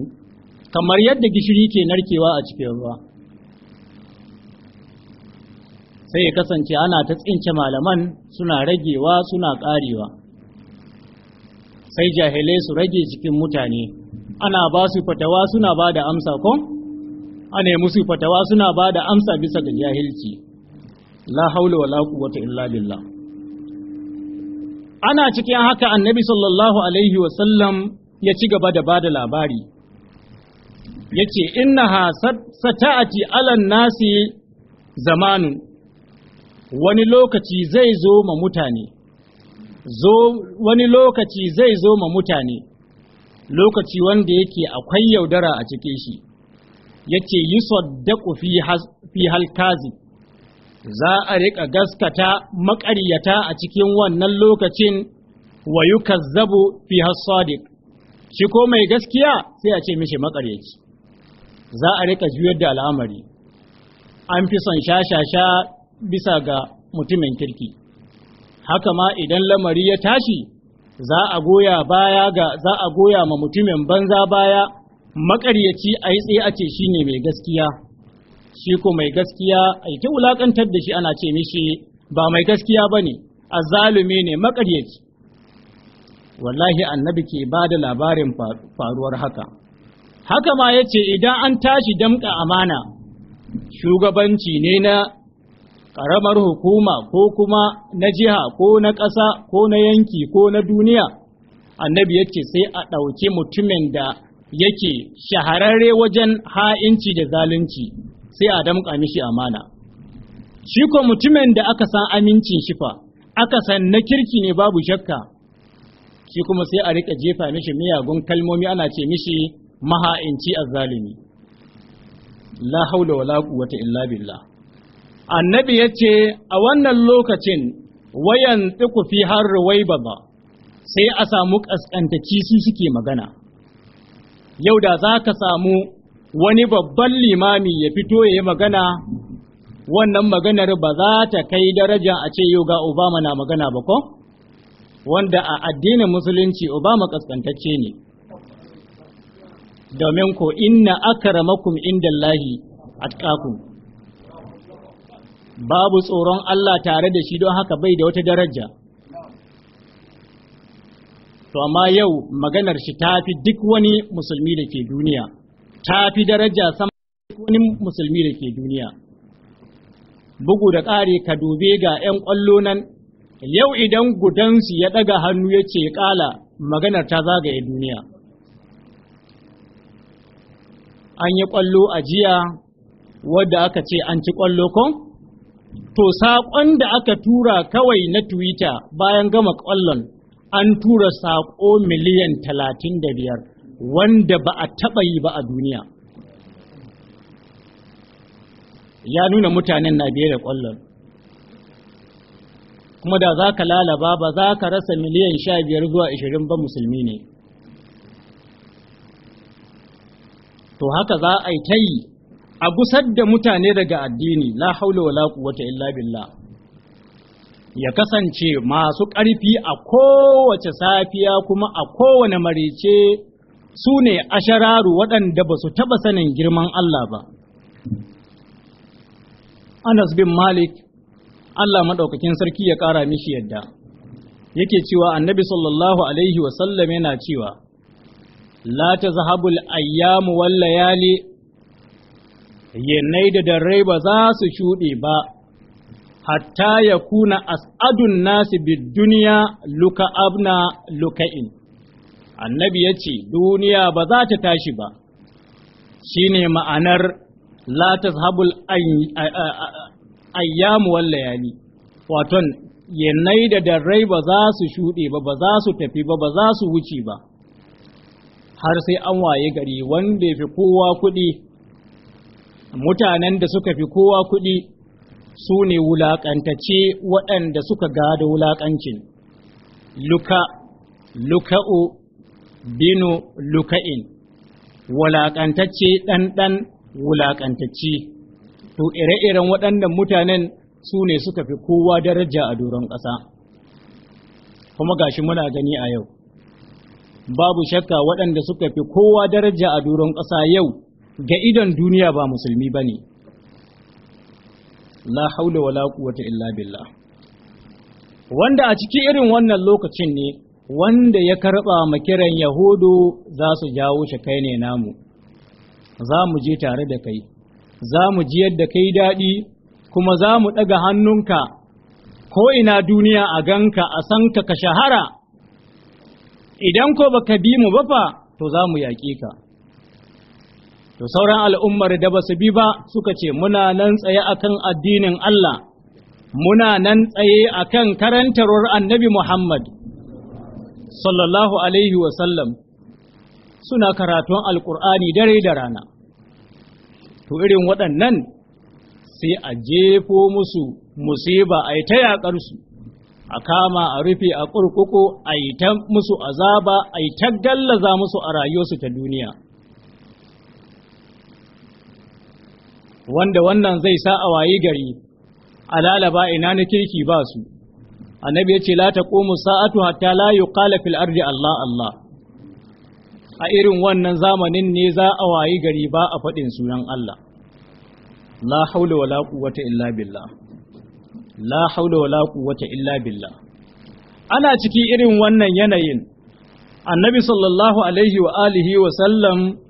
kamar yadda gishiri ke narkewa a cikin ruwa sai ya kasance ana ta tsince malaman suna ragewa suna ƙarewa sai jahilai su rage cikin mutane ana ba su fatawa suna ba da amsa ko ana musu fatawa suna ba da amsa bisa ga jahilci la haula wala quwwata illa billah ana cikin haka annabi sallallahu alaihi wa sallam ya ci gaba da bada labari ya ce innaha sata'ati alan nasi zamanu wani lokaci zai zo ma mutane zo wani lokaci zai zo ma mutane lokaci wanda yake akwai yaudara a cikin shi yace yusaddaqu fi fi halkazi za a riƙa gaskata maƙaryata a cikin wannan lokacin wa yukazzabu fi hasadiq shi ko mai gaskiya sai a ce mishi maƙaryaci za a riƙa juyar da al'amari an fi son shashasha bisa ga mutumin kirki haka ma idan lamari ya tashi za a goya baya ga za a goya ma mutumin banza baya makaryaci a yi tsaye a ce shi ne mai gaskiya shi ko mai gaskiya a yi wulakantar da shi ana ce mishi ba mai gaskiya ba ne A zalume ne makaryaci wallahi annabi ke ba da labarin faruwar haka haka ma ya ce idan an tashi damka amana shugabanci ne na ƙaramar hukuma ko kuma na jiha ko na ƙasa ko na yanki ko na duniya annabi ya ce sai a ɗauki mutumin da yake shahararre wajen ha'inci da zalunci sai a damƙa mishi amana shi ko mutumin da aka san amincin shifa aka san na kirki ne babu shakka shi kuma sai a riƙa jefa mishi miyagun kalmomi ana ce mishi maha'inci zalimi la haula wala quwwata illa billah annabi ya ce a wannan lokacin wayan tsiku fi har wai ba sai a samu ƙasƙantaci su suke magana yau da za ka samu wani babban limami ya fito ya yi magana wannan maganar ba za ta kai daraja a ce yau ga obama na magana ba ko wanda a addinin musulunci obama ƙasƙantacce ne domin ko inna akaramakum indallahi atqakum babu tsoron Allah tare da shi don haka bai da wata daraja to amma yau maganar shi ta fi duk wani musulmi da ke duniya ta fi daraja sama duk wani musulmi da ke duniya bugu da ƙari ka dube ga 'yan ƙwallo nan yau idan gudansu ya ɗaga hannu ya ce ƙala maganar ta zagaye duniya an yi ƙwallo a jiya wadda aka ce an ci ƙwallo kon? to saƙon da aka tura kawai na twitter bayan gama ƙwallon an tura saƙo miliyan talatin da biyar wanda ba a taɓa yi ba a duniya ya nuna mutanen na biye da ƙwallon kuma da za ka lalaba ba za ka rasa miliyan sha biyar zuwa ashirin ba musulmi ne to haka za a yi ta a gusar da mutane daga addini la haula wala quwwata illa billah ya kasance masu ƙarfi a kowace safiya kuma a kowane marice su ne ashararu waɗanda ba su taɓa sanin girman Allah ba Anas bin Malik Allah maɗaukakin sarki ya ƙara mishi yadda yake cewa annabi sallallahu alaihi wasallam yana cewa la ta zahabul ayyamu wal layali Yanai da dare ba za su shuɗe ba hatta ya kuna as'adun nasi bid duniya luka abna luka'in annabi ya ce duniya ba za ta tashi ba Shi ne ma'anar latas habul ayyamu wal layali waton yanai da darrai ba za su shuɗe ba ba za su tafi ba ba za su wuce ba har sai an waye gari wanda ya fi kowa kuɗi mutanen da suka fi kowa kuɗi su ne wulaƙantace waɗanda suka gada wulaƙancin luka luka'u binu luka'in wulaƙantacce ɗanɗan wulaƙantacce to ire-iren waɗannan mutanen su ne suka fi kowa daraja a doron ƙasa kuma gashi muna gani a yau babu shakka waɗanda suka fi kowa daraja a doron ƙasa yau ga idon duniya ba musulmi ba ne la haula wa wala quwwata illa billah wanda a ciki irin wannan lokacin ne wanda ya karba makiran yahudu za su jawo shi kai ne namu za mu je tare da kai za mu ji yadda kai daɗi kuma za mu ɗaga hannunka ko ina duniya a ganka a sanka ka shahara idan ko baka bi mu ba fa to za mu yaƙe ka to sauran al'ummar da ba su bi ba suka ce muna nan tsaye akan addinin Allah muna nan tsaye akan karantarwar annabi Muhammad sallallahu alaihi wasallam suna karatun Alƙur'ani dare da rana to irin waɗannan sai a jefo musu musiba a yi ta yaƙar su a kama a rufe a kurkuku a yi ta musu azaba a yi ta gallaza musu a rayuwarsu ta duniya wanda wannan zai sa a wayi gari a lalaba ina na kirki ba su annabi ya ce la taqumu sa'atu hatta la yi yuqala fil ardi Allah Allah a irin wannan zamanin ne za a wayi gari ba a faɗin sunan Allah la haula wala quwwata illa billah la haula wala quwwata illa billah ana ciki irin wannan yanayin annabi sallallahu alaihi wa alihi wa sallam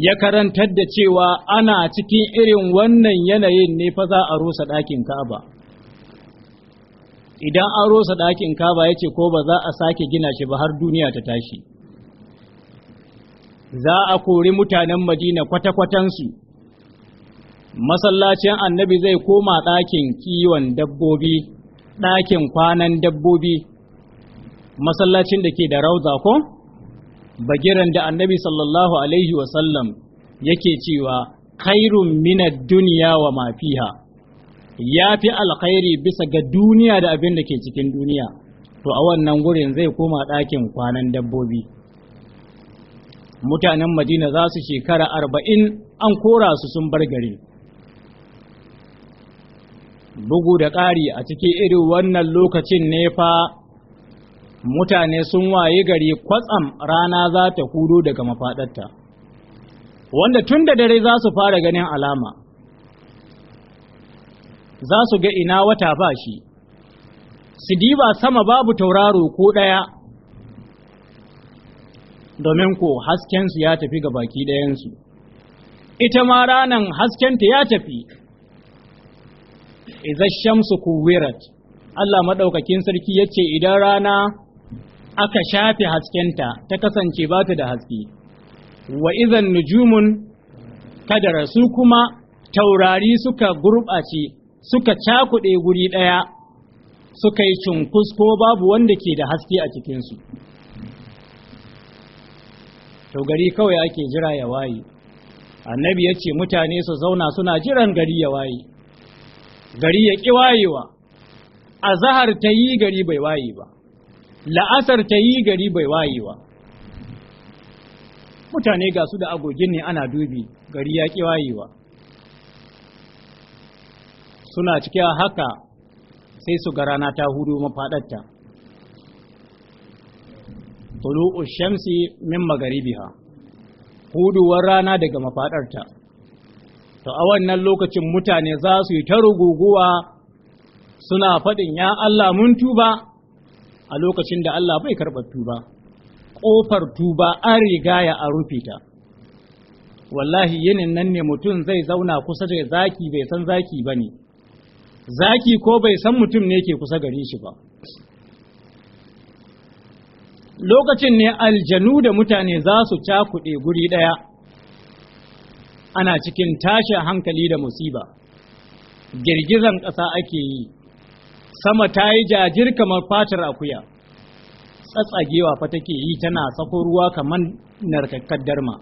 ya karantar da cewa ana cikin irin wannan yanayin ne fa za a rusa ɗakin Ka'aba idan an rusa ɗakin Ka'aba ce ko ba za a sake gina shi ba har duniya ta tashi za a kori mutanen Madina kwata-kwatansu masallacin annabi zai koma ɗakin kiwon dabbobi ɗakin kwanan dabbobi masallacin da ke da rauza ko? bagiran da annabi sallallahu alaihi wasallam yake cewa khairun minad duniya wa mafiha ya fi alkhairi bisa ga duniya da abin da ke cikin duniya to a wannan gurin zai koma ɗakin kwanan dabbobi mutanen madina za su shekara arba'in an kora su sun bar gari bugu da ƙari a cikin irin wannan lokacin ne fa mutane sun waye gari kwatsam rana za ta hudu daga mafaɗatta wanda tun da dare za su fara ganin alama za su ga ina wata ba shi su diba sama babu tauraro ko ɗaya domin ko haskensu ya tafi ga baki ɗayansu ita ma ranan haskenta ya tafi izashamsu kuwirat Allah maɗaukakin sarki ya ce idan rana aka shafe haskenta ta kasance ba ta da haske wa izan nujumun kadara su kuma taurari suka gurɓace suka cakuɗe guri ɗaya suka yi cunkus ko babu wanda ke da haske a cikinsu to gari kawai ake jira ya waye annabi ya ce mutane su zauna suna jiran gari ya waye gari ya ƙi wayewa a zahar ta yi gari bai waye ba la'asar ta yi gari bai wayewa mutane ga su da agogin ne ana dubi gari ya ƙi wayewa suna a haka sai su garana rana ta hudu mafaɗarta tulu'u shamsi min magaribiha huduwar rana daga mafaɗarta to a wannan lokacin mutane za su yi ta ruguguwa suna faɗin ya Allah mun tuba a lokacin da Allah bai karɓar tuba ƙofar tuba an rigaya a rufe ta wallahi yinin nan ne mutum zai zauna kusa da zaki bai san zaki ba ne zaki ko bai san mutum ne ke kusa gare shi ba lokacin ne aljanu da mutane za su cakuɗe guri ɗaya ana cikin tashin hankali da musiba girgizan ƙasa ake yi sama ta yi jajir kamar fatar akuya tsatsagewa fa take yi tana sako ruwa kamar narkakkar darma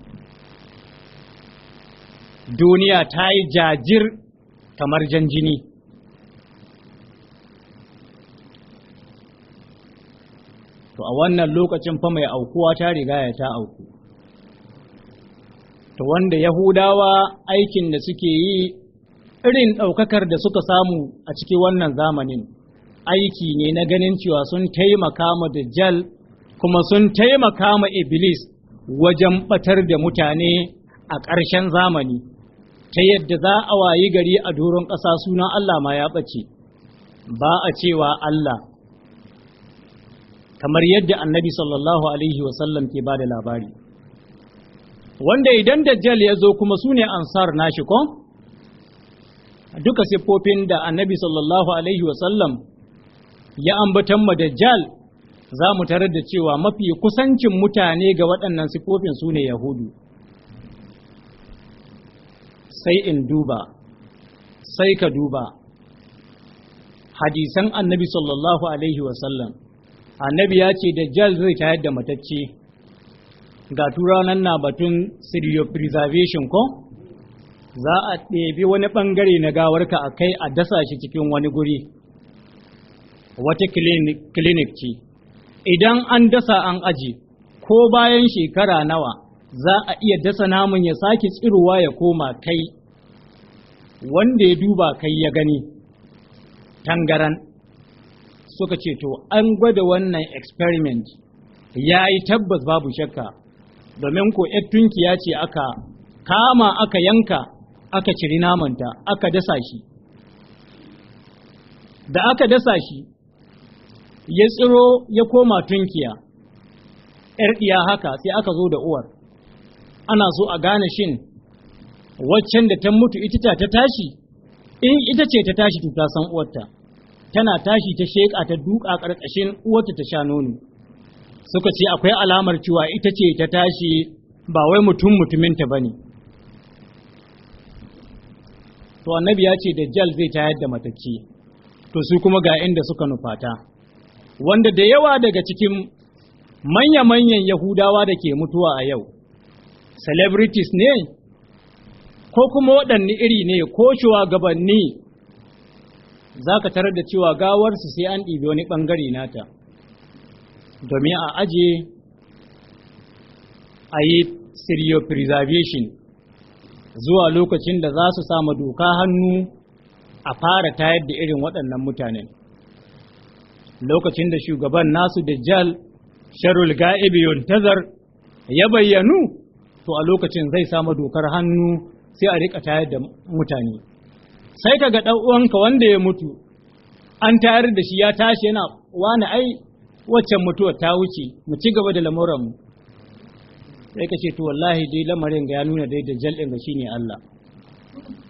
duniya ta yi jajir kamar janjini to a wannan lokacin fa mai aukuwa ta riga ya ta auku to wanda yahudawa aikin da suke yi irin ɗaukakar da suka samu a cikin wannan zamanin aiki ne na ganin cewa sun taimaka ma dajjal kuma sun taimaka ma iblis wajen batar da mutane a ƙarshen zamani ta yadda za a wayi gari a doron ƙasa suna Allah ma ya ɓace ba a cewa Allah kamar yadda annabi sallallahu alaihi wasallam ke ba da labari wanda idan dajjal ya zo kuma su ne ansar nashi ko duka siffofin da annabi sallallahu alaihi wasallam ya ambatan madajjal za mu tarar da cewa mafi kusancin mutane ga waɗannan sifofin su ne yahudu sai in duba sai ka duba hadisan annabi sallallahu alaihi wasallam annabi ya ce dajjal zai tayar da matacce ga turanan na batun preservation ko? za a ɗebi wani ɓangare na gawarka a kai a dasa shi cikin wani guri wata klinik ce idan an dasa an aji ko bayan shekara nawa za a iya dasa namun ya sake tsirowa ya koma kai wanda ya duba kai ya gani tangaran suka ce to an gwada wannan experiment ya yi tabbas babu shakka domin ko tunkiya ce aka kama aka yanka aka ciri namanta aka dasa shi da aka dasa shi ya tsiro ya koma tunkiya ‘yar ɗiya haka sai aka zo da uwar ana so a gane shin waccan da ta mutu ita ta tashi in ita ce ta tashi ta san uwarta tana tashi ta sheƙa ta duka ƙarƙashin uwarta ta sha nono suka ce akwai alamar cewa ita ce ta tashi ba wai mutum mutuminta ba ne to annabi ya ce da jal zai tayar da matacce to su kuma ga inda suka nufata wanda da yawa daga cikin manya-manyan yahudawa da ke mutuwa a yau celebrities ne ko kuma waɗanne iri ne ko shugabanni za ka tarar da cewa gawarsu sai an ɗibi wani ɓangare nata domin a aje a yi serial preservation zuwa lokacin da za su sama doka hannu a fara tayar da irin waɗannan mutanen. lokacin da shugaban nasu dajjal sharul ga'ibi yuntazar ya bayyanu to a lokacin zai samu dokar hannu sai a rika tayar da mutane sai kaga dan uwanka wanda ya mutu an tayar da shi ya tashi yana wani ai waccan mutuwar ta wuce mu ci gaba da lamuran mu sai ka ce to wallahi dai lamarin ga ya nuna dai dajjal din ga shine Allah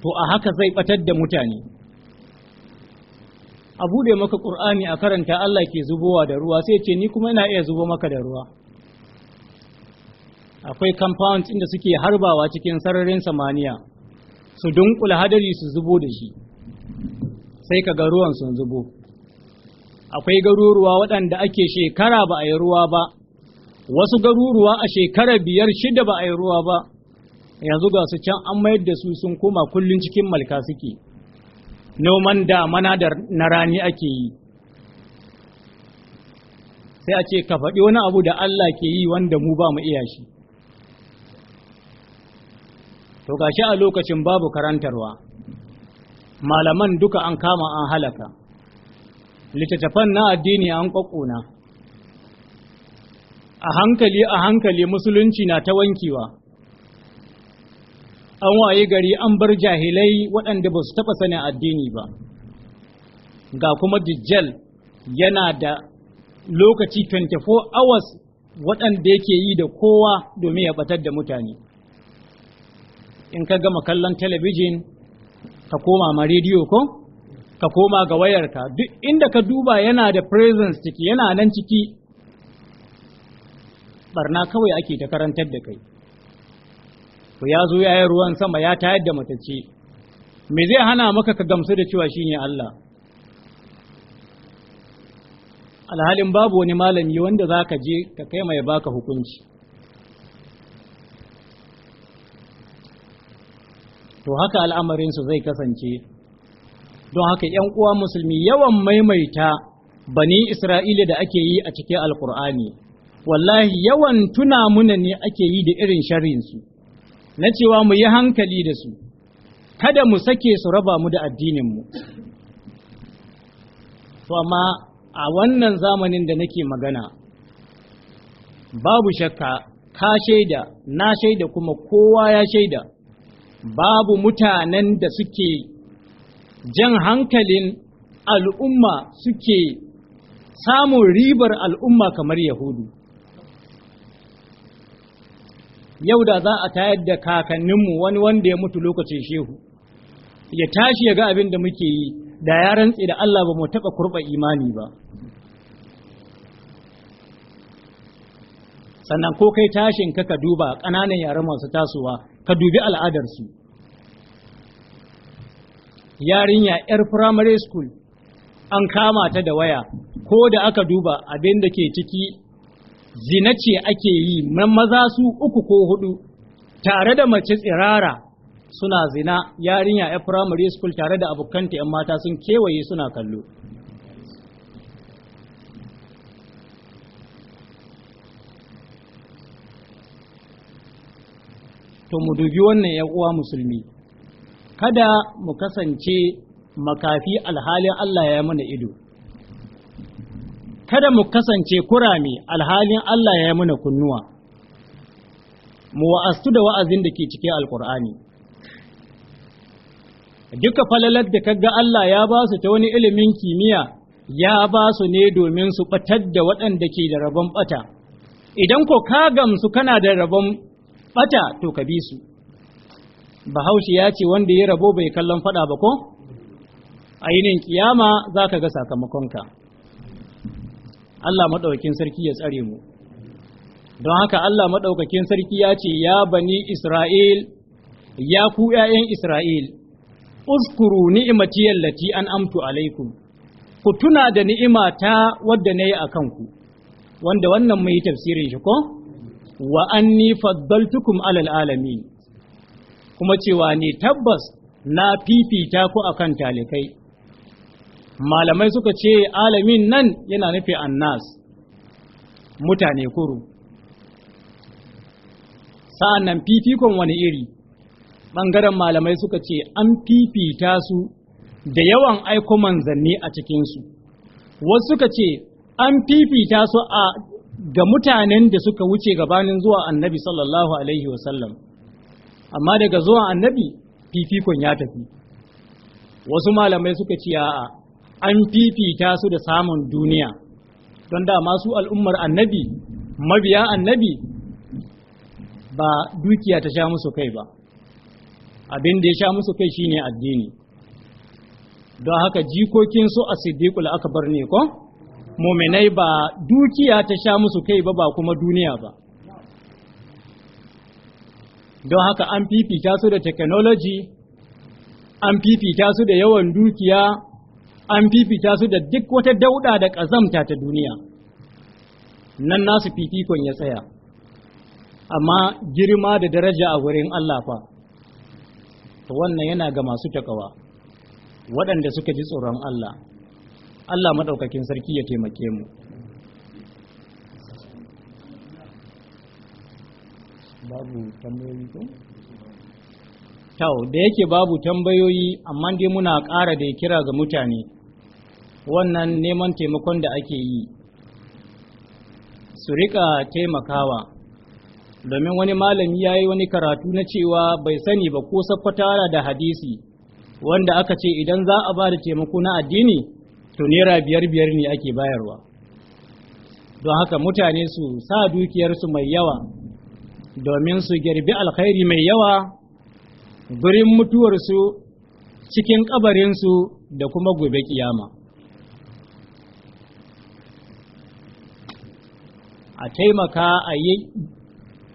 to a haka zai batar da mutane a bude maka ƙur'ani a karanta Allah ke zubowa da ruwa sai ce ni kuma ina iya zubo maka da ruwa akwai compound inda suke harbawa cikin sararin samaniya su dunkula hadari su zubo da shi sai ka ga ruwan sun zubo akwai garuruwa waɗanda ake shekara ba a yi ruwa ba wasu garuruwa a shekara biyar shida ba a yi ruwa ba yanzu ga su can an mayar da su sun koma kullum cikin malka suke noman damana da na rani ake yi sai a ce ka faɗi wani abu da Allah ke yi wanda mu ba mu iya shi to gashi a lokacin babu karantarwa malaman duka an kama an halaka littattafan na addini an ƙwaƙuna a hankali a hankali musulunci na ta wankewa an waye gari an bar jahilai waɗanda ba su taɓa sanin addini ba ga kuma dijjal yana da lokaci 24 hours waɗanda yake yi da kowa domin ya batar da mutane in ka gama kallon talabijin ka koma ma rediyo ko? ka koma ga wayar ka, duk inda ka duba yana da presence ciki yana nan ciki barna kawai ake ta karantar da kai to ya zo ya ruwan sama ya tayar da matacce me zai hana maka ka gamsu da cewa shine Allah alhalin babu wani malami wanda za ka je ka kai mai baka hukunci to haka al'amarinsu zai kasance don haka ‘yan uwa musulmi yawan maimaita bani isra'ila da ake yi a cikin alkur'ani wallahi yawan tuna muna ne ake yi da irin su. na cewa mu yi hankali da su kada mu sake su raba mu da addininmu to amma a wannan zamanin da nake magana babu shakka ka shaida na shaida kuma kowa ya shaida babu mutanen da suke jan hankalin al'umma suke samun ribar al'umma kamar yahudu yau da za a tayar da kakanninmu wani wanda ya mutu lokacin shehu ya tashi ya ga abin da muke yi da ya rantse da Allah ba mu taɓa kurɓa imani ba sannan ko kai tashin ka ka duba ƙananan yare masu tasowa ka dubi al'adarsu yarinya 'yar primary school an kama ta da waya ko da aka duba abin da ke ciki zina ce ake yi maza su uku ko hudu tare da mace tsirara suna zina yarinya ya primary school tare da abokanta 'yan mata sun kewaye suna kallo to mu dubi wannan ya uwa musulmi kada mu kasance makafi alhalin Allah ya yi mana ido kada mu kasance kurame alhalin Allah ya yi mana kunnuwa mu wa'astu da wa'azin da ke cike alkur'ani duka falalar da kaga Allah ya ba su ta wani ilimin kimiyya ya ba su ne domin su batar da waɗanda ke da rabon bata idan ko ka gamsu kana da rabon bata to ka bi su bahaushe ya ce wanda ya rabo bai kallon fada ba ko ainihin kiyama za ka ga sakamakonka Allah maɗaukakin sarki ya tsare mu don haka Allah maɗaukakin sarki ya ce ya bani Isra'il ya ku ‘ya'yan Isra'il uskuru ni'imati yallati an amtu alaikum ku tuna da ni'ima ta wadda na yi a kanku wanda wannan mai tafsirin shi ko wa anni faddaltukum alal alami. kuma cewa ne tabbas na fifita ku akan talikai malamai suka ce alamin nan yana nufi annas mutane kuru sa'an nan fifikon wani iri ɓangaren malamai suka ce an fifita su da yawan aiko manzanni a cikinsu wasu suka ce an fifita su a ga mutanen da suka wuce gabanin zuwa annabi sallallahu alaihi wasallam amma daga zuwa annabi fifikon ya tafi wasu malamai suka ce a'a an fifita su da samun duniya don dama su al'ummar annabi mabiya annabi ba dukiya ta sha musu kai ba abin da ya sha musu kai shine addini don haka jikokin su a siddiqul akbar ne ko muminai ba dukiya ta sha musu kai ba ba kuma duniya ba don haka an fifita su da technology an fifita su da yawan dukiya an fifita su da duk wata dauda da ƙazamta ta duniya nan nasu fifikon ya tsaya amma girma da daraja a wurin Allah fa wannan yana ga masu takawa waɗanda suka ji tsoron Allah Allah maɗaukakin sarki ya taimake mu babu tambayoyi ko? Tau, da yake babu tambayoyi, amma dai muna ƙara da kira ga mutane, wannan neman taimakon da ake yi su rika taimakawa domin wani malami ya yi wani karatu na cewa bai sani ba ko sakwatara da hadisi wanda aka ce idan za a ba da taimako na addini to naira biyar biyar ne ake bayarwa don haka mutane su sa dukiyarsu mai yawa domin su girbi alkhairi mai yawa gurin mutuwarsu cikin kabarinsu da kuma gobe kiyama. a taimaka a yi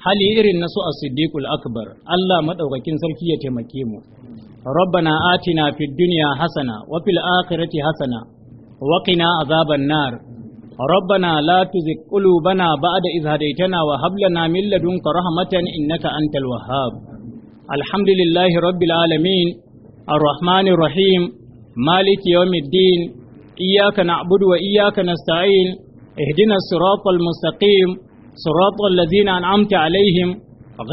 hali irin na su a siddiqul akbar Allah maɗaukakin sarki ya taimake mu rabbana atina fid dunya hasana wa fil akhirati Hassana, wa qina azaban nar rabbana la tuzigh qulubana ba'da idh hadaytana wa hab lana min ladunka rahmatan innaka antal wahab. alhamdulillahi rabbil alamin arrahmanir rahim maliki yawmiddin iyyaka na'budu wa iyyaka nasta'in اهدنا الصراط المستقيم صراط الذين أنعمت عليهم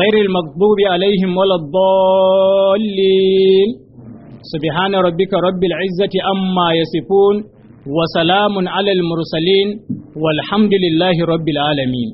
غير المغضوب عليهم ولا الضالين سبحان ربك رب العزة أما يصفون وسلام على المرسلين والحمد لله رب العالمين